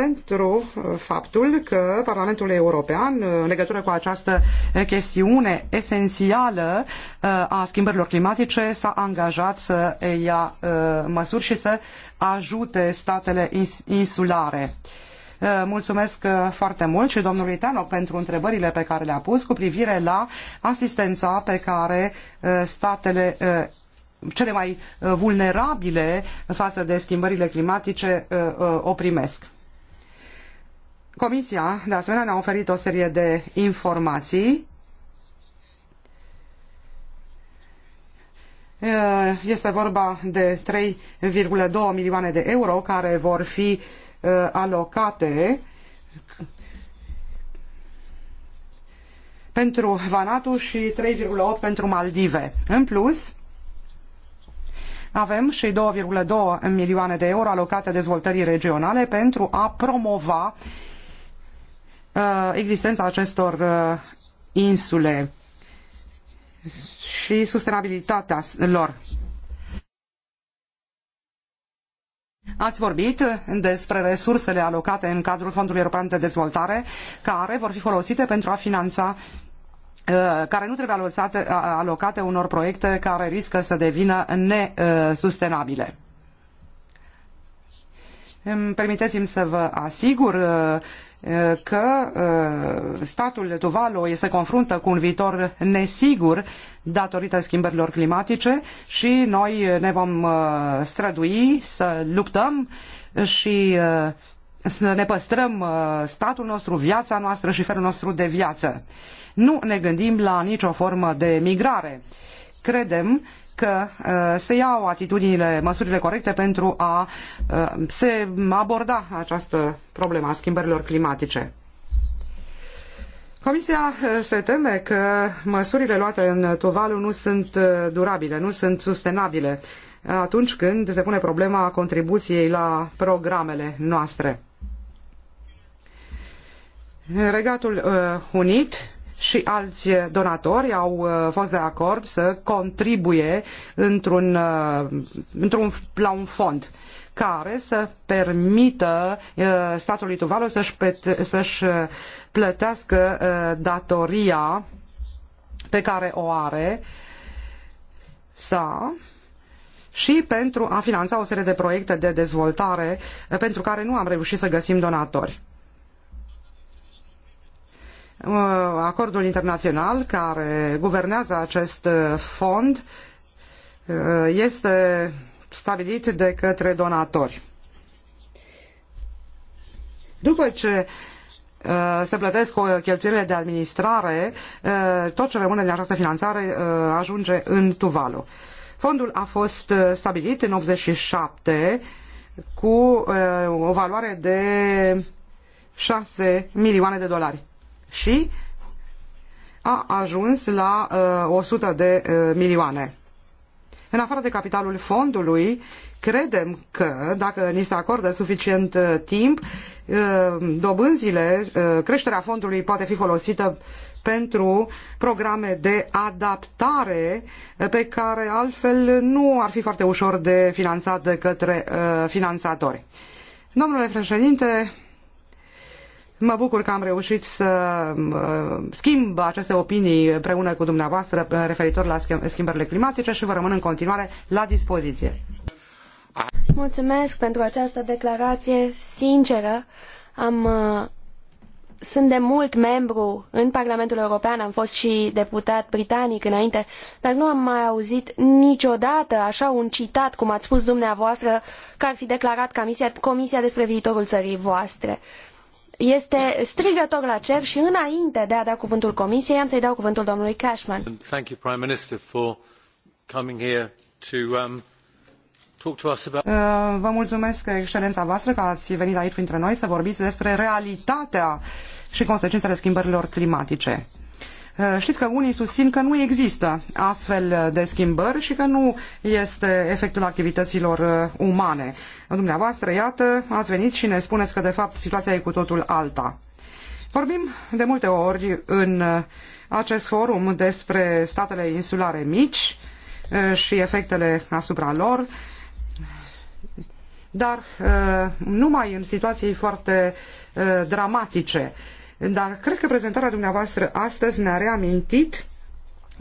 pentru uh, faptul că Parlamentul European, uh, în legătură cu această uh, chestiune esențială a schimbărilor climatice, s-a angajat să ia măsuri și să ajute statele insulare. Mulțumesc foarte mult și domnului Tanoc pentru întrebările pe care le-a pus cu privire la asistența pe care statele cele mai vulnerabile față de schimbările climatice o primesc. Comisia, de asemenea, ne-a oferit o serie de informații. Eh, este vorba de 3,2 milioane de euro care vor fi eh, alocate pentru Vanatu și 3,8 pentru Maldive. În plus, avem și 2,2 milioane de euro alocate dezvoltării regionale pentru a promova uh, Uh, existența acestor uh, insule și sustenabilitatea lor. Ați vorbit despre resursele alocate în cadrul Fondului European de Dezvoltare, care vor fi folosite pentru a finanța uh, care nu trebuie alocate, alocate unor proiecte care riscă să devină nesustenabile. Permiteți-mi să vă asigur că statul Tuvalu se confruntă cu un viitor nesigur datorită schimbărilor climatice și noi ne vom strădui să luptăm și să ne păstrăm statul nostru, viața noastră și felul nostru de viață. Nu ne gândim la nicio formă de migrare. Credem că uh, se iau atitudinile, măsurile corecte pentru a uh, se aborda această problemă a schimbărilor climatice. Comisia uh, se teme că măsurile luate în Tuvalu nu sunt durabile, nu sunt sustenabile atunci când se pune problema contribuției la programele noastre. Regatul Unit și alți donatori au uh, fost de acord să contribuie într-un, uh, într-un, la un fond care să permită uh, statului Tuvalu să-și, să-și plătească datoria pe care o are sa și pentru a finanța o serie de proiecte de dezvoltare pentru care nu am reușit să găsim donatori. Uh, acordul internațional care guvernează acest uh, fond uh, este stabilit de către donatori. După ce se plătesc cheltuielile de administrare, tot ce rămâne din această finanțare ajunge în Tuvalu. Fondul a fost stabilit în 87 cu o valoare de 6 milioane de dolari și a ajuns la uh, 100 de uh, milioane. În afară de capitalul fondului, credem că, dacă ni se acordă suficient uh, timp, uh, dobânzile, uh, creșterea fondului poate fi folosită pentru programe de adaptare uh, pe care altfel nu ar fi foarte ușor de finanțat de către uh, finanțatori. Domnule președinte, Mă bucur că am reușit să uh, schimb aceste opinii împreună cu dumneavoastră uh, referitor la schimbările climatice și vă rămân în continuare la dispoziție. Mulțumesc pentru această declarație sinceră. Am, uh, sunt de mult membru în Parlamentul European, am fost și deputat britanic înainte, dar nu am mai auzit niciodată așa un citat, cum ați spus dumneavoastră, că ar fi declarat Comisia, comisia despre viitorul țării voastre. Uh, este strigător la cer și înainte de a da cuvântul Comisiei am să-i dau cuvântul domnului Cashman. Thank you, Prime Minister, for coming here to um, uh, Vă mulțumesc, excelența voastră, că ați venit aici printre noi să vorbiți despre realitatea și consecințele schimbărilor climatice. Eh, știți că unii susțin că nu există astfel de schimbări și că nu este efectul activităților eh, umane. Dumneavoastră, iată, ați venit și ne spuneți că, de fapt, situația e cu totul alta. Vorbim de multe ori în eh, acest forum despre statele insulare mici și efectele asupra lor, dar numai în situații foarte dramatice dar cred că prezentarea dumneavoastră astăzi ne-a reamintit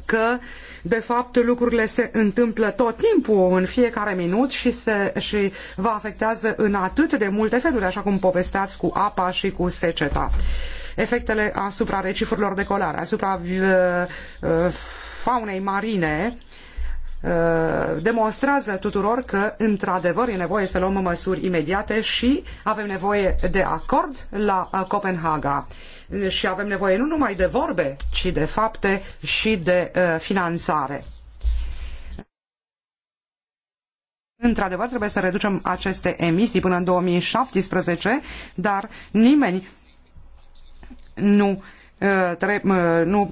că, de fapt, lucrurile se întâmplă tot timpul, în fiecare minut și, se, și vă afectează în atât de multe feluri, așa cum povesteați cu apa și cu seceta. Efectele asupra recifurilor de colare, asupra uh, uh, faunei marine, uh, Uh, demonstrează tuturor că, într-adevăr, e nevoie să luăm măsuri imediate și avem nevoie de acord la uh, Copenhaga. Și avem nevoie nu numai de vorbe, ci de fapte și de uh, finanțare. Într-adevăr, trebuie să reducem aceste emisii până în 2017, dar nimeni nu, nu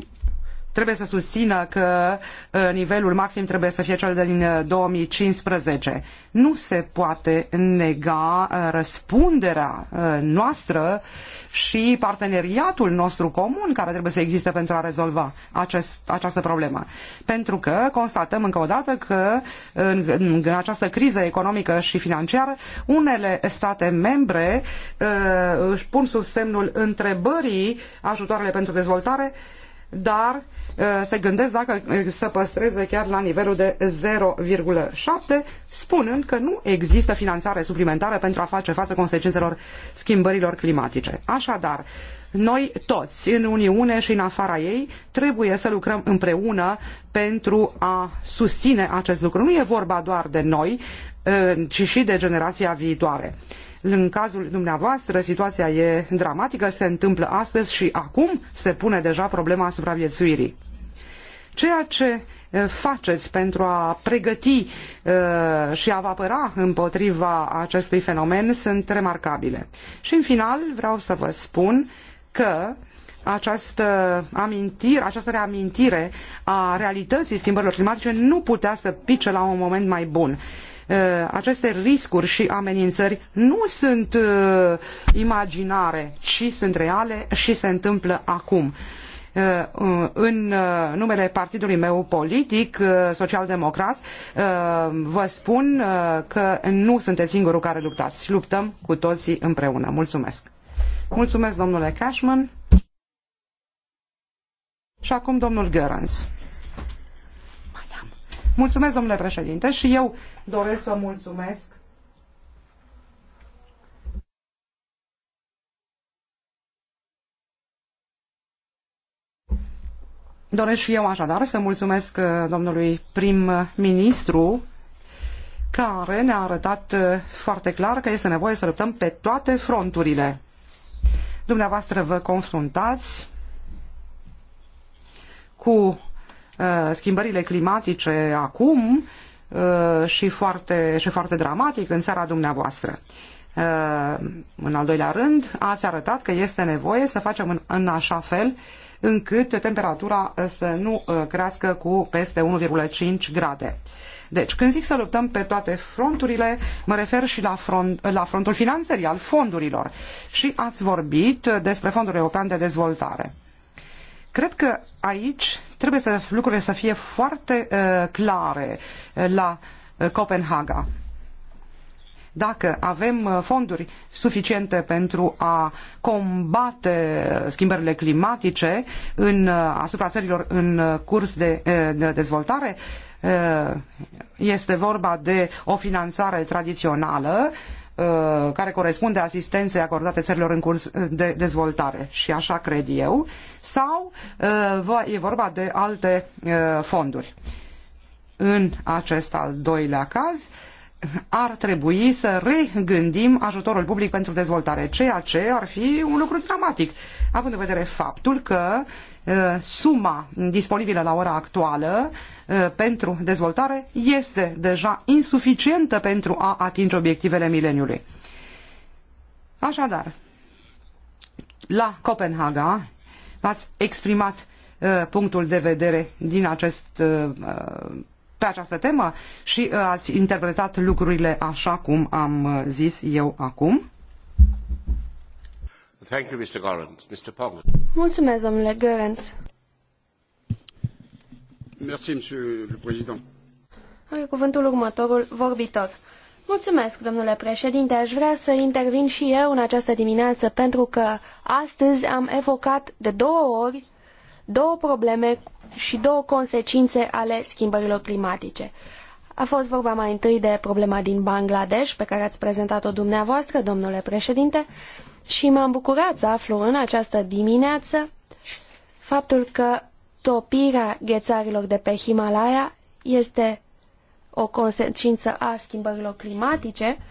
trebuie să susțină că uh, nivelul maxim trebuie să fie cel din 2015. Uh, nu se poate nega uh, răspunderea noastră și parteneriatul nostru comun care trebuie să existe pentru a rezolva acest, această problemă. Pentru că constatăm încă o dată că în, în această criză economică și financiară unele state membre își pun sub semnul întrebării ajutoarele pentru dezvoltare, dar Eh, se gândesc dacă eh, să păstreze chiar la nivelul de 0,7, spunând că nu există finanțare suplimentară pentru a face față consecințelor schimbărilor climatice. Așadar, noi toți, în Uniune și în afara ei, trebuie să lucrăm împreună pentru a susține acest lucru. Nu e vorba doar de noi, eh, ci și de generația viitoare. În cazul dumneavoastră, situația e dramatică, se întâmplă astăzi și acum se pune deja problema supraviețuirii. Ceea ce faceți pentru a pregăti și a vă apăra împotriva acestui fenomen sunt remarcabile. Și în final vreau să vă spun că această, amintire, această reamintire a realității schimbărilor climatice nu putea să pice la un moment mai bun. Aceste riscuri și amenințări nu sunt imaginare, ci sunt reale și se întâmplă acum. Uh, în uh, numele partidului meu politic, uh, social-democrat, vă spun că nu sunteți singurul care luptați. Luptăm cu toții împreună. Mulțumesc! Mulțumesc, domnule Cashman. Și acum domnul Görans. Mulțumesc, domnule președinte, și eu doresc să mulțumesc Doresc și eu așadar să mulțumesc uh, domnului prim-ministru care ne-a arătat uh, foarte clar că este nevoie să luptăm pe toate fronturile. Dumneavoastră vă confruntați cu uh, schimbările climatice acum și foarte, și foarte dramatic în țara dumneavoastră. În al doilea rând, ați arătat că este nevoie să facem în, în așa fel uh, încât temperatura uh, să nu uh, crească cu peste 1,5 grade. Deci, când zic să luptăm pe toate fronturile, mă refer și la, front, la frontul finanțării, al fondurilor. Și ați vorbit uh, despre fondul european de dezvoltare. Cred că aici trebuie să lucrurile să fie foarte uh, clare la uh, Copenhaga. Dacă avem uh, fonduri suficiente pentru a combate uh, schimbările climatice în, uh, asupra țărilor în curs de, de dezvoltare, este vorba de o finanțare tradițională care corespunde asistenței acordate țărilor în curs de dezvoltare și așa cred eu, sau e vorba de alte fonduri. În acest al doilea caz, ar trebui să regândim ajutorul public pentru dezvoltare, ceea ce ar fi un lucru dramatic, având în vedere faptul că uh, suma disponibilă la ora actuală uh, pentru dezvoltare este deja insuficientă pentru a atinge obiectivele mileniului. Așadar, la Copenhaga v-ați exprimat uh, punctul de vedere din acest pe această temă și uh, ați interpretat lucrurile așa cum am uh, zis eu acum? Thank you, Mr. Gorens. Mr. Pong. Mulțumesc, domnule Görens. Merci, monsieur le président. Are cuvântul următorul vorbitor. Mulțumesc, domnule președinte. Aș vrea să intervin și eu în această dimineață pentru că astăzi am evocat de două ori două probleme și două consecințe ale schimbărilor climatice. A fost vorba mai întâi de problema din Bangladesh, pe care ați prezentat-o dumneavoastră, domnule președinte, și m-am bucurat să aflu în această dimineață faptul că topirea ghețarilor de pe Himalaya este o consecință a schimbărilor climatice, uh,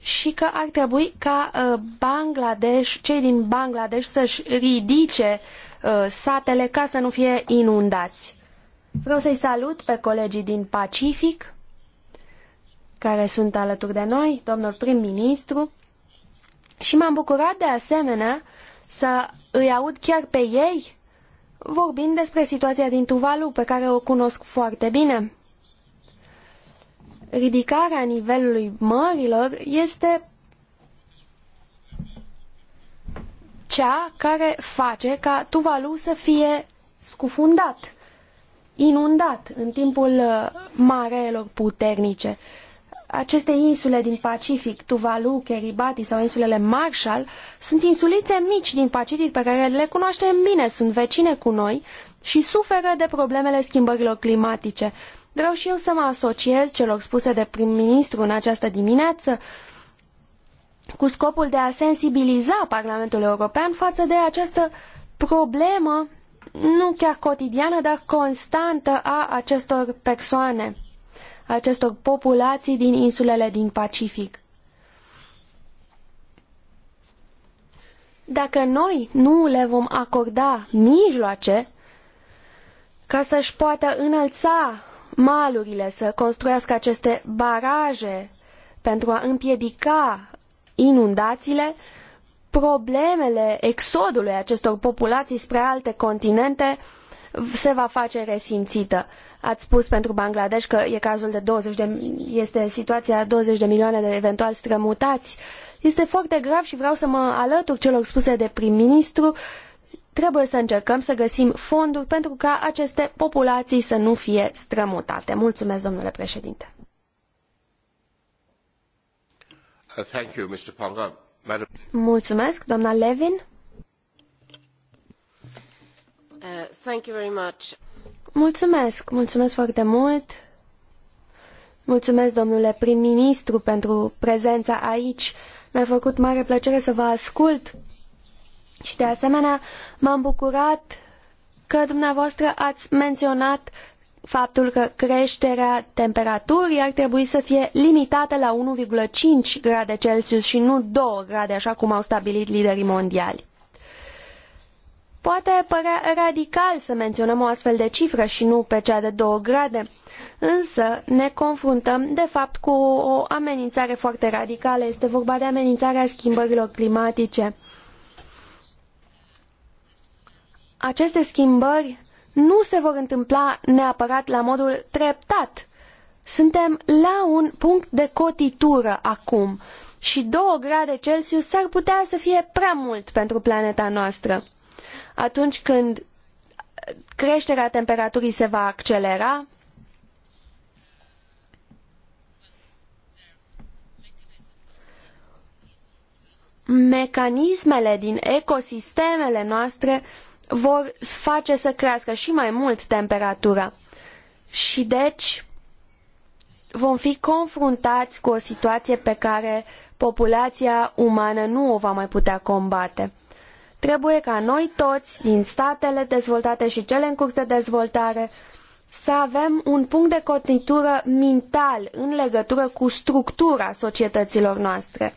și că ar trebui ca uh, Bangladesh, cei din Bangladesh să-și ridice uh, satele ca să nu fie inundați. Vreau să-i salut pe colegii din Pacific care sunt alături de noi, domnul prim-ministru, și m-am bucurat de asemenea să îi aud chiar pe ei vorbind despre situația din Tuvalu, pe care o cunosc foarte bine ridicarea nivelului mărilor este cea care face ca Tuvalu să fie scufundat, inundat în timpul uh, marelor puternice. Aceste insule din Pacific, Tuvalu, Kiribati sau insulele Marshall, sunt insulițe mici din Pacific pe care le cunoaștem bine, sunt vecine cu noi și suferă de problemele schimbărilor climatice. Vreau și eu să mă asociez celor spuse de prim-ministru în această dimineață cu scopul de a sensibiliza Parlamentul European față de această problemă, nu chiar cotidiană, dar constantă a acestor persoane, a acestor populații din insulele din Pacific. Dacă noi nu le vom acorda mijloace ca să-și poată înălța malurile, să construiască aceste baraje pentru a împiedica inundațiile, problemele exodului acestor populații spre alte continente se va face resimțită. Ați spus pentru Bangladesh că e cazul de 20 de, este situația 20 de milioane de eventual strămutați. Este foarte grav și vreau să mă alătur celor spuse de prim-ministru Trebuie să încercăm să găsim fonduri pentru ca aceste populații să nu fie strămutate. Mulțumesc, domnule președinte. Uh, mulțumesc, doamna Levin. Uh, mulțumesc, mulțumesc foarte mult. Mulțumesc, domnule prim-ministru, pentru prezența aici. Mi-a făcut mare plăcere să vă ascult și de asemenea, m-am bucurat că dumneavoastră ați menționat faptul că creșterea temperaturii ar trebui să fie limitată la 1,5 grade Celsius și nu 2 grade, așa cum au stabilit liderii mondiali. Poate părea radical să menționăm o astfel de cifră și nu pe cea de 2 grade, însă ne confruntăm de fapt cu o amenințare foarte radicală. Este vorba de amenințarea schimbărilor climatice. aceste schimbări nu se vor întâmpla neapărat la modul treptat. Suntem la un punct de cotitură acum și 2 grade Celsius s-ar putea să fie prea mult pentru planeta noastră. Atunci când creșterea temperaturii se va accelera, mecanismele din ecosistemele noastre vor face să crească și mai mult temperatura. Și deci vom fi confruntați cu o situație pe care populația umană nu o va mai putea combate. Trebuie ca noi toți, din statele dezvoltate și cele în curs de dezvoltare, să avem un punct de cotitură mental în legătură cu structura societăților noastre.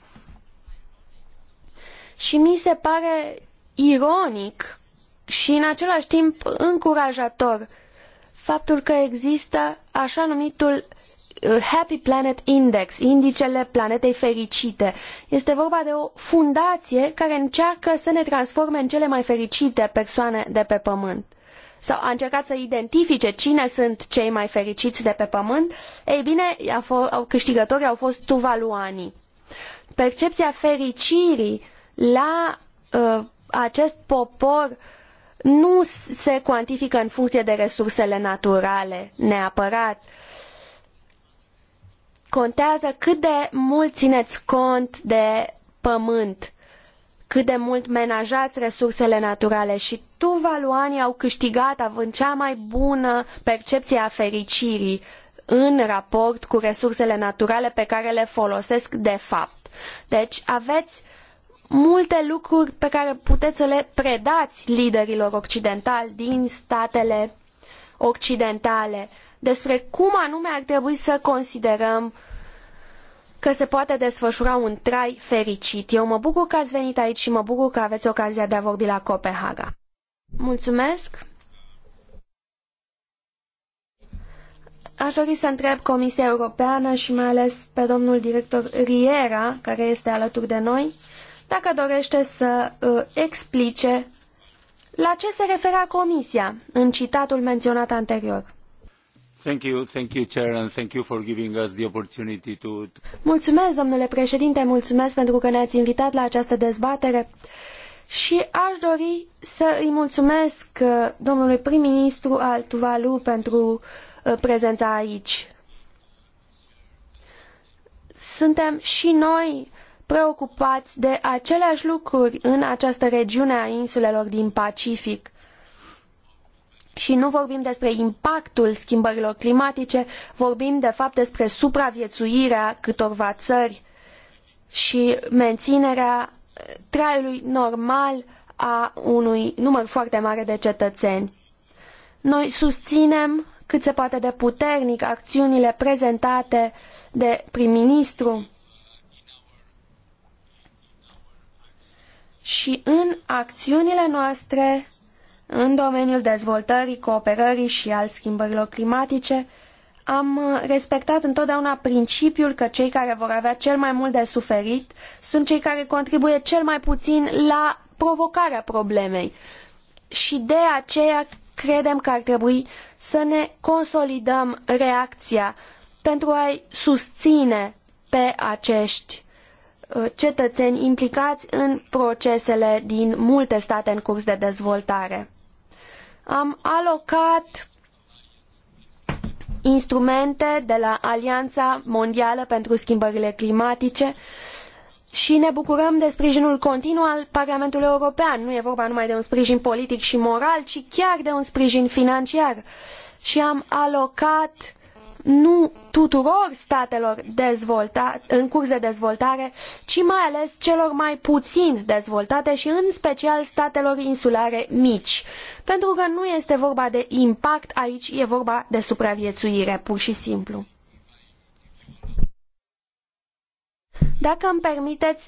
Și mi se pare ironic și în același timp încurajator faptul că există așa numitul uh, Happy Planet Index, indicele planetei fericite. Este vorba de o fundație care încearcă să ne transforme în cele mai fericite persoane de pe pământ sau a încercat să identifice cine sunt cei mai fericiți de pe pământ, ei bine, câștigătorii au fost tuvaluanii. Percepția fericirii la uh, acest popor uh, nu se cuantifică în funcție de resursele naturale neapărat. Contează cât de mult țineți cont de pământ, cât de mult menajați resursele naturale și tuvaluanii au câștigat având cea mai bună percepție a fericirii în raport cu resursele naturale pe care le folosesc de fapt. Deci aveți multe lucruri pe care puteți să le predați liderilor occidentali din statele occidentale despre cum anume ar trebui să considerăm că se poate desfășura un trai fericit. Eu mă bucur că ați venit aici și mă bucur că aveți ocazia de a vorbi la Copenhaga. Mulțumesc! Aș dori să întreb Comisia Europeană și mai ales pe domnul director Riera, care este alături de noi, dacă dorește să uh, explice la ce se referea Comisia în citatul menționat anterior. Mulțumesc, domnule președinte, mulțumesc pentru că ne-ați invitat la această dezbatere și aș dori să îi mulțumesc uh, domnului prim-ministru al Tuvalu pentru uh, prezența aici. Suntem și noi preocupați de aceleași lucruri în această regiune a insulelor din Pacific. Și nu vorbim despre impactul schimbărilor climatice, vorbim de fapt despre supraviețuirea câtorva țări și menținerea traiului normal a unui număr foarte mare de cetățeni. Noi susținem cât se poate de puternic acțiunile prezentate de prim-ministru și în acțiunile noastre în domeniul dezvoltării, cooperării și al schimbărilor climatice, am respectat întotdeauna principiul că cei care vor avea cel mai mult de suferit sunt cei care contribuie cel mai puțin la provocarea problemei. Și de aceea credem că ar trebui să ne consolidăm reacția pentru a-i susține pe acești Uh, cetățeni implicați în procesele din multe state în curs de dezvoltare. Am alocat instrumente de la Alianța Mondială pentru Schimbările Climatice și ne bucurăm de sprijinul continuu al Parlamentului European. Nu e vorba numai de un sprijin politic și moral, ci chiar de un sprijin financiar. Și am alocat nu tuturor statelor în curs de dezvoltare, ci mai ales celor mai puțin dezvoltate și în special statelor insulare mici. Pentru că nu este vorba de impact aici, e vorba de supraviețuire, pur și simplu. Dacă îmi permiteți,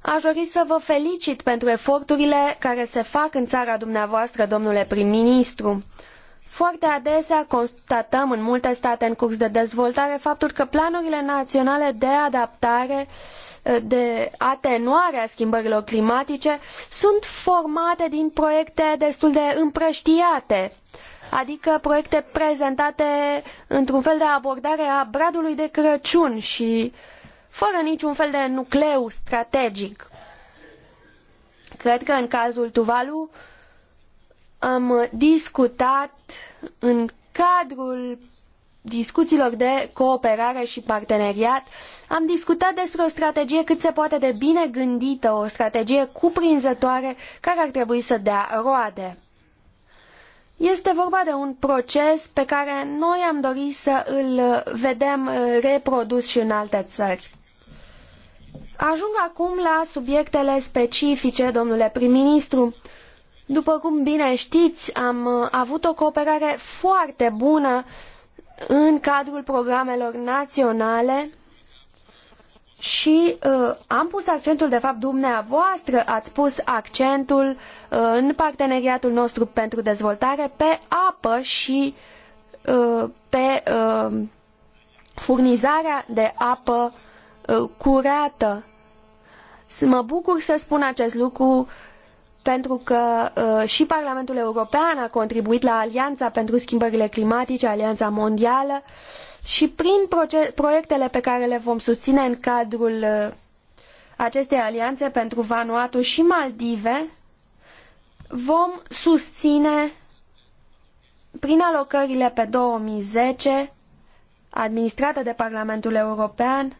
Aș dori să vă felicit pentru eforturile care se fac în țara dumneavoastră, domnule prim-ministru. Foarte adesea constatăm în multe state în curs de dezvoltare faptul că planurile naționale de adaptare de atenuare a schimbărilor climatice sunt formate din proiecte destul de împrăștiate, adică proiecte prezentate într-un fel de abordare a bradului de Crăciun și fără niciun fel de nucleu strategic. Cred că în cazul Tuvalu am discutat în cadrul discuțiilor de cooperare și parteneriat, am discutat despre o strategie cât se poate de bine gândită, o strategie cuprinzătoare care ar trebui să dea roade. Este vorba de un proces pe care noi am dorit să îl vedem reprodus și în alte țări. Ajung acum la subiectele specifice, domnule prim-ministru. După cum bine știți, am uh, avut o cooperare foarte bună în cadrul programelor naționale și uh, am pus accentul, de fapt, dumneavoastră ați pus accentul uh, în parteneriatul nostru pentru dezvoltare pe apă și uh, pe uh, furnizarea de apă uh, curată. Mă bucur să spun acest lucru uh, pentru că uh, și Parlamentul European a contribuit la Alianța pentru Schimbările Climatice, Alianța Mondială și prin proiectele pe care le vom susține în cadrul uh, acestei alianțe pentru Vanuatu și Maldive, vom susține prin alocările pe 2010 administrate de Parlamentul European,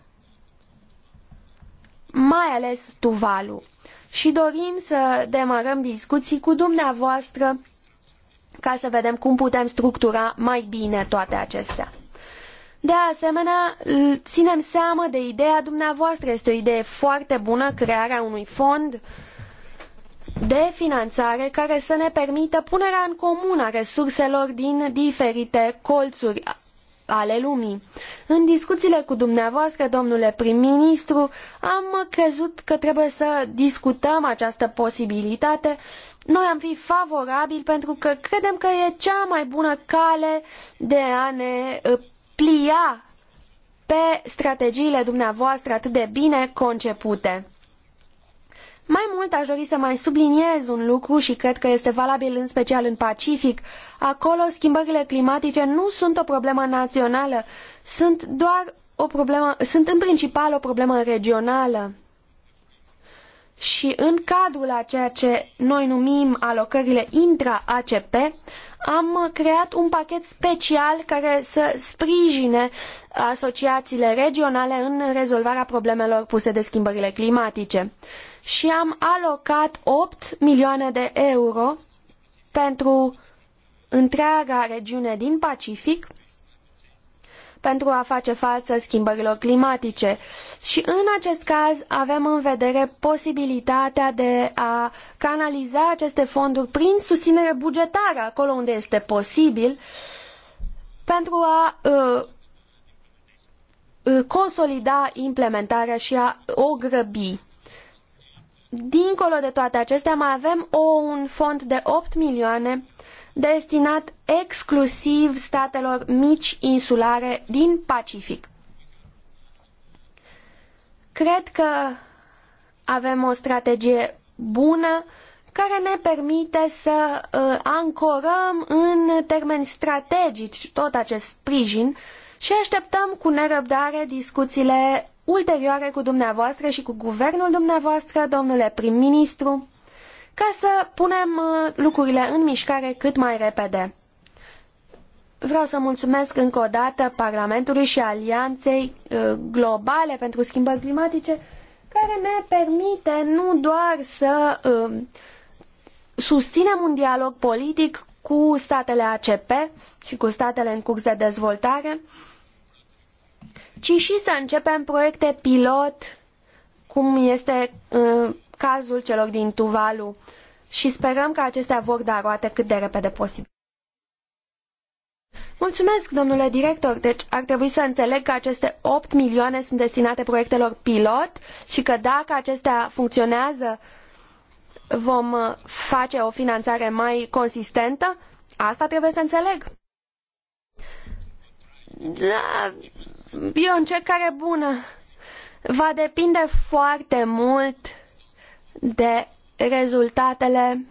mai ales Tuvalu și dorim să demarăm discuții cu dumneavoastră ca să vedem cum putem structura mai bine toate acestea. De asemenea, ținem seama de ideea dumneavoastră. Este o idee foarte bună crearea unui fond de finanțare care să ne permită punerea în comun a resurselor din diferite colțuri ale lumii. În discuțiile cu dumneavoastră, domnule prim-ministru, am crezut că trebuie să discutăm această posibilitate. Noi am fi favorabili pentru că credem că e cea mai bună cale de a ne uh, plia pe strategiile dumneavoastră atât de bine concepute. Mai mult aș dori să mai subliniez un lucru și cred că este valabil în special în Pacific. Acolo schimbările climatice nu sunt o problemă națională, sunt doar o problemă, sunt în principal o problemă regională. Și în cadrul a ceea ce noi numim alocările intra-ACP, am creat un pachet special care să sprijine asociațiile regionale în rezolvarea problemelor puse de schimbările climatice. Și am alocat opt milioane de euro pentru întreaga regiune din Pacific pentru a face față schimbărilor climatice. Și în acest caz avem în vedere posibilitatea de a canaliza aceste fonduri prin susținere bugetară acolo unde este posibil pentru a uh, Uh, consolida implementarea și a o grăbi. Dincolo de toate acestea, mai avem o, un fond de 8 milioane destinat exclusiv statelor mici insulare din Pacific. Cred că avem o strategie bună care ne permite să uh, ancorăm în termeni strategici tot acest sprijin uh, și așteptăm cu nerăbdare discuțiile ulterioare cu dumneavoastră și cu guvernul dumneavoastră, domnule prim-ministru, ca să punem uh, lucrurile în mișcare cât mai repede. Vreau să mulțumesc încă o dată Parlamentului și Alianței uh, Globale pentru Schimbări Climatice, care ne permite nu doar să uh, susținem un dialog politic cu statele ACP și cu statele în curs de dezvoltare, ci și să începem proiecte pilot, cum este uh, cazul celor din Tuvalu, și sperăm că acestea vor da roate cât de repede posibil. Mulțumesc, domnule director. Deci ar trebui să înțeleg că aceste opt milioane sunt destinate proiectelor pilot și că dacă acestea funcționează, vom uh, face o finanțare mai consistentă? Asta trebuie să înțeleg. Da, e o încercare bună. Va depinde foarte mult de rezultatele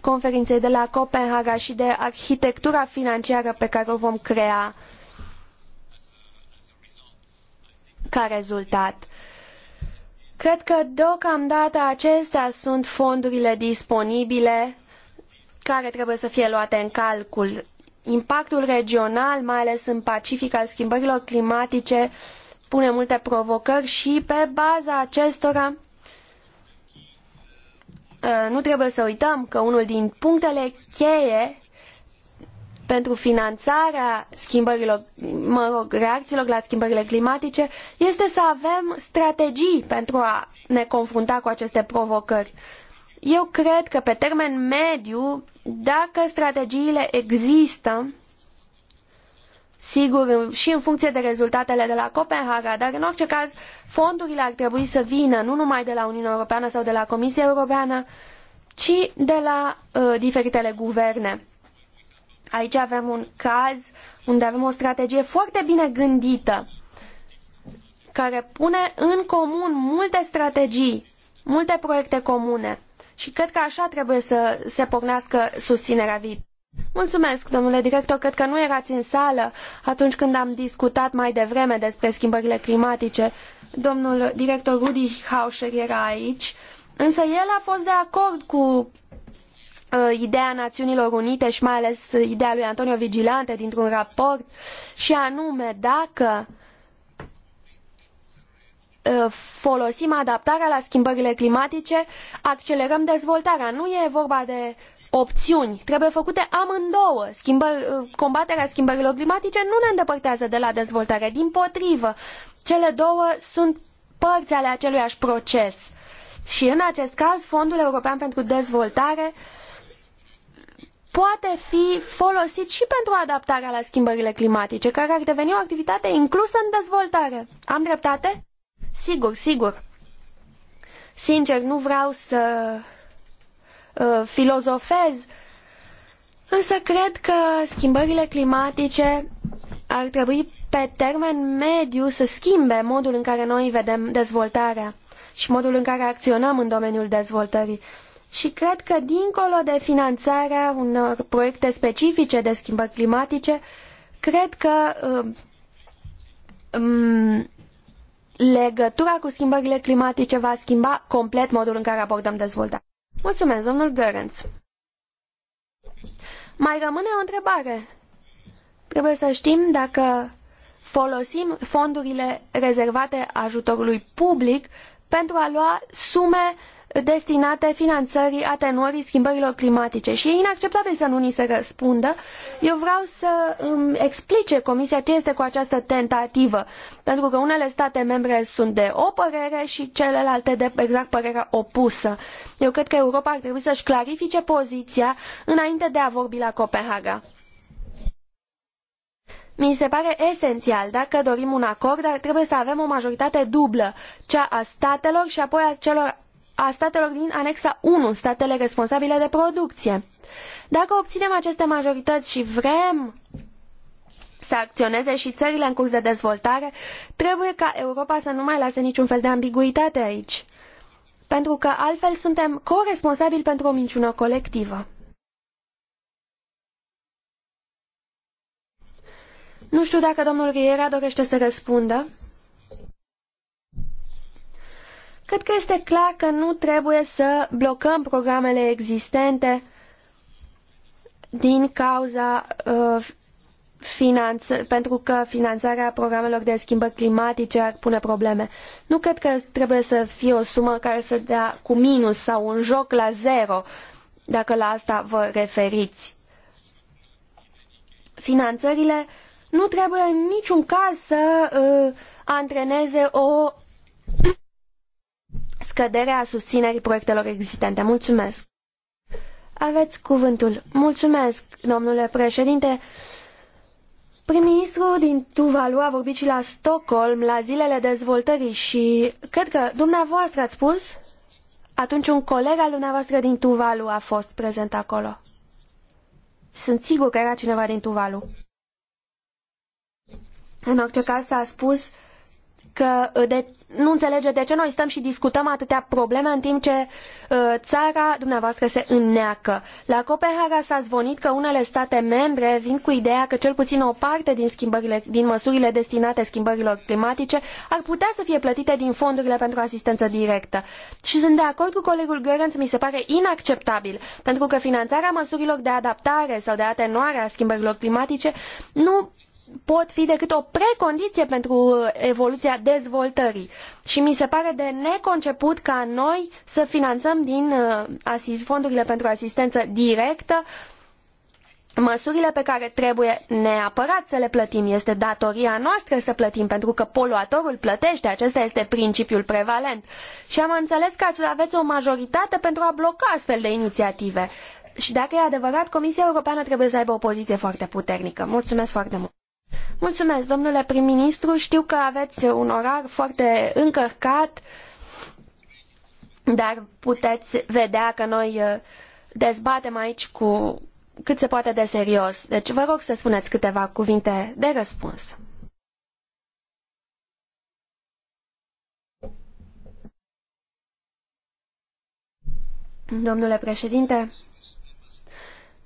conferinței de la Copenhaga și de arhitectura financiară pe care o vom crea ca rezultat. Uh, Cred că deocamdată acestea sunt fondurile disponibile care trebuie să fie luate în calcul. Impactul regional, mai ales în Pacific, al schimbărilor climatice, pune multe provocări și pe baza acestora uh, nu trebuie să uităm că unul din punctele cheie pentru finanțarea schimbărilor, mă rog, reacțiilor la schimbările climatice este să avem strategii pentru a ne confrunta cu aceste provocări. Eu cred că pe termen mediu, dacă strategiile există, sigur, și în funcție de rezultatele de la Copenhaga, dar în orice caz, fondurile ar trebui să vină nu numai de la Uniunea Europeană sau de la Comisia Europeană, ci de la uh, diferitele guverne. Aici avem un caz unde avem o strategie foarte bine gândită care pune în comun multe strategii, multe proiecte comune și cred că așa trebuie să se pornească susținerea viitoare. Mulțumesc, domnule director, cred că nu erați în sală atunci când am discutat mai devreme despre schimbările climatice. Domnul director Rudy Hauscher era aici, însă el a fost de acord cu Uh, ideea Naiunilor Unite și mai ales ideea lui Antonio Vigilante dintr-un raport și anume dacă uh, folosim adaptarea la schimbările climatice, accelerăm dezvoltarea. Nu e vorba de opțiuni. Trebuie făcute amândouă. Schimbă, uh, combaterea schimbărilor climatice nu ne îndepărtează de la dezvoltare. Din potrivă, cele două sunt părți ale aceluiași proces. Și în acest caz, Fondul European pentru Dezvoltare uh, poate fi folosit și pentru adaptarea la schimbările climatice, care ar deveni o activitate inclusă în dezvoltare. Am dreptate? Sigur, sigur. Sincer, nu vreau să uh, filozofez, însă cred că schimbările climatice ar trebui pe termen mediu să schimbe modul în care noi vedem dezvoltarea și modul în care acționăm în domeniul dezvoltării. Și cred că, dincolo de finanțarea unor proiecte specifice de schimbări climatice, cred că uh, um, legătura cu schimbările climatice va schimba complet modul în care abordăm dezvoltarea. Mulțumesc, domnul Gărenț. Mai rămâne o întrebare. Trebuie să știm dacă folosim fondurile rezervate ajutorului public pentru a lua sume destinate finanțării atenuării schimbărilor climatice și e inacceptabil să nu ni se răspundă. Eu vreau să îmi explice Comisia ce este cu această tentativă, pentru că unele state membre sunt de o părere și celelalte de exact părerea opusă. Eu cred că Europa ar trebui să-și clarifice poziția înainte de a vorbi la Copenhaga. Mi se pare esențial, dacă dorim un acord, dar trebuie să avem o majoritate dublă, cea a statelor și apoi a celor a statelor din anexa 1, statele responsabile de producție. Dacă obținem aceste majorități și vrem să acționeze și țările în curs de dezvoltare, trebuie ca Europa să nu mai lase niciun fel de ambiguitate aici. Pentru că altfel suntem coresponsabili pentru o minciună colectivă. Nu știu dacă domnul Riera dorește să răspundă. Cred că este clar că nu trebuie să blocăm programele existente din cauza uh, finanță, pentru că finanțarea programelor de schimbări climatice ar pune probleme. Nu cred că trebuie să fie o sumă care să dea cu minus sau un joc la zero, dacă la asta vă referiți. Finanțările uh, nu trebuie în niciun caz să uh, antreneze o scădere a susținerii proiectelor existente. Mulțumesc! Aveți cuvântul. Mulțumesc, domnule președinte. Prim-ministru din Tuvalu a vorbit și la Stockholm la zilele dezvoltării și cred că dumneavoastră ați spus? Atunci un coleg al dumneavoastră din Tuvalu a fost prezent acolo. Sunt sigur că era cineva din Tuvalu. În orice caz s-a spus că de, nu înțelege de ce noi stăm și discutăm atâtea probleme în timp ce uh, țara dumneavoastră se înneacă. La Copenhaga s-a zvonit că unele state membre vin cu ideea că cel puțin o parte din, schimbările, din măsurile destinate schimbărilor climatice ar putea să fie plătite din fondurile pentru asistență directă. Și sunt de acord cu colegul Gărânț, mi se pare inacceptabil, pentru că finanțarea măsurilor de adaptare sau de atenuare a schimbărilor climatice nu pot fi decât o precondiție pentru uh, evoluția dezvoltării. Și mi se pare de neconceput ca noi să finanțăm din uh, fondurile pentru asistență directă măsurile pe care trebuie neapărat să le plătim. Este datoria noastră să plătim, pentru că poluatorul plătește. Acesta este principiul prevalent. Și am înțeles că să aveți o majoritate pentru a bloca astfel de inițiative. Și dacă e adevărat, Comisia Europeană trebuie să aibă o poziție foarte puternică. Mulțumesc foarte mult! Mulțumesc, domnule prim-ministru. Știu că aveți un orar foarte încărcat, dar puteți vedea că noi uh, dezbatem aici cu cât se poate de serios. Deci vă rog să spuneți câteva cuvinte de răspuns. Domnule președinte,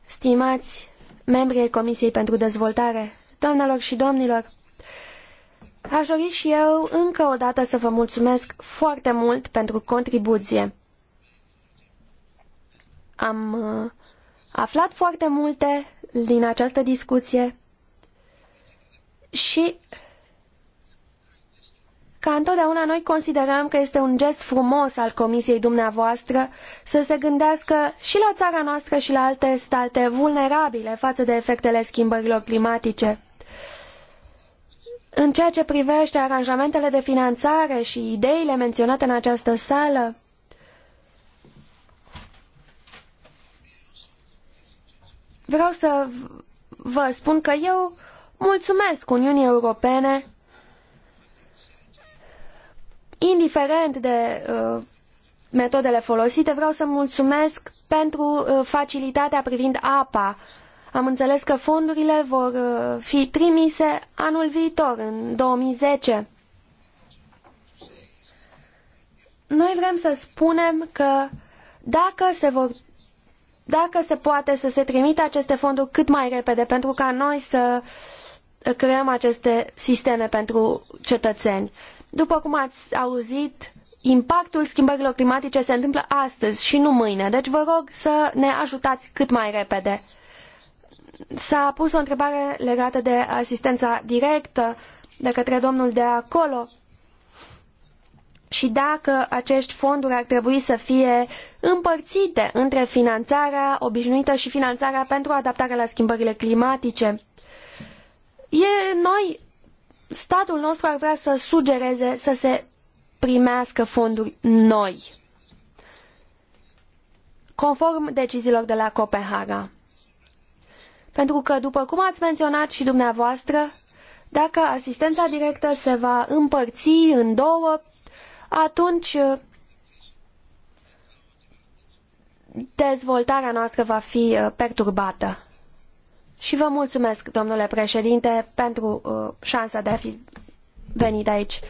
stimați membrii Comisiei pentru Dezvoltare, doamnelor și domnilor, aș dori și eu încă o dată să vă mulțumesc foarte mult pentru contribuție. Am uh, aflat foarte multe din această discuție și ca întotdeauna noi considerăm că este un gest frumos al comisiei dumneavoastră să se gândească și la țara noastră și la alte state vulnerabile față de efectele schimbărilor climatice. În ceea ce privește aranjamentele de finanțare și ideile menționate în această sală, vreau să vă spun că eu mulțumesc Uniunii Europene, indiferent de uh, metodele folosite, vreau să mulțumesc pentru uh, facilitatea privind apa am înțeles că fondurile vor uh, fi trimise anul viitor, în 2010. Noi vrem să spunem că dacă se vor dacă se poate să se trimită aceste fonduri cât mai repede pentru ca noi să uh, creăm aceste sisteme pentru cetățeni. După cum ați auzit, impactul schimbărilor climatice se întâmplă astăzi și nu mâine, deci vă rog să ne ajutați cât mai repede. S-a pus o întrebare legată de asistența directă de către domnul de acolo și dacă acești fonduri ar trebui să fie împărțite între finanțarea obișnuită și finanțarea pentru adaptarea la schimbările climatice. E, noi, statul nostru ar vrea să sugereze să se primească fonduri noi, conform deciziilor de la Copenhaga. Pentru că, după cum ați menționat și dumneavoastră, dacă asistența directă se va împărți în două, atunci uh, dezvoltarea noastră va fi uh, perturbată. Și vă mulțumesc, domnule președinte, pentru uh, șansa de a fi venit aici.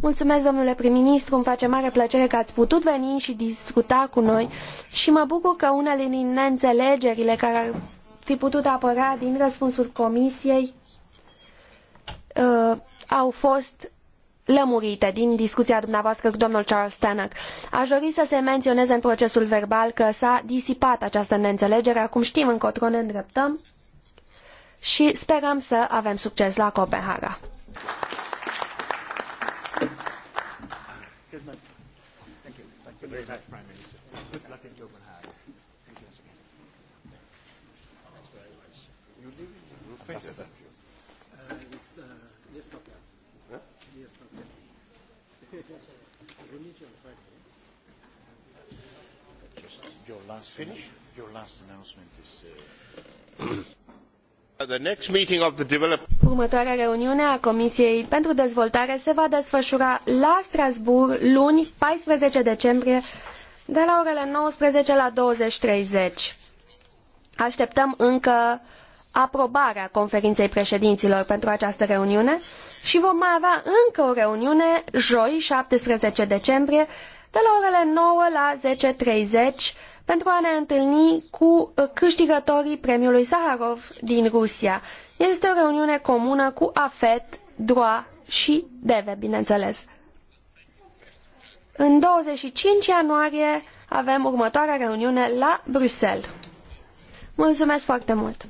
Mulțumesc, domnule prim-ministru, îmi face mare plăcere că ați putut veni și discuta cu noi și mă bucur că unele din neînțelegerile care fi putut apărea din răspunsul comisiei uh, au fost lămurite din discuția dumneavoastră cu domnul Charles Tannock. Aș dori să se menționeze în procesul verbal că s-a disipat această neînțelegere, acum știm încotro ne îndreptăm și sperăm să avem succes la Copenhaga. Thank you. Thank you last finish. Your last announcement is. Uh... Următoarea reuniune a Comisiei pentru Dezvoltare se va desfășura la Strasbourg luni 14 decembrie de la orele 19 la 20.30. Așteptăm încă aprobarea conferinței președinților pentru această reuniune și vom mai avea încă o reuniune joi 17 decembrie de la orele 9 la 10.30 pentru a ne întâlni cu uh, câștigătorii premiului Saharov din Rusia. Este o reuniune comună cu AFET, DROA și DEVE, bineînțeles. În 25 ianuarie avem următoarea reuniune la Bruxelles. Mulțumesc foarte mult!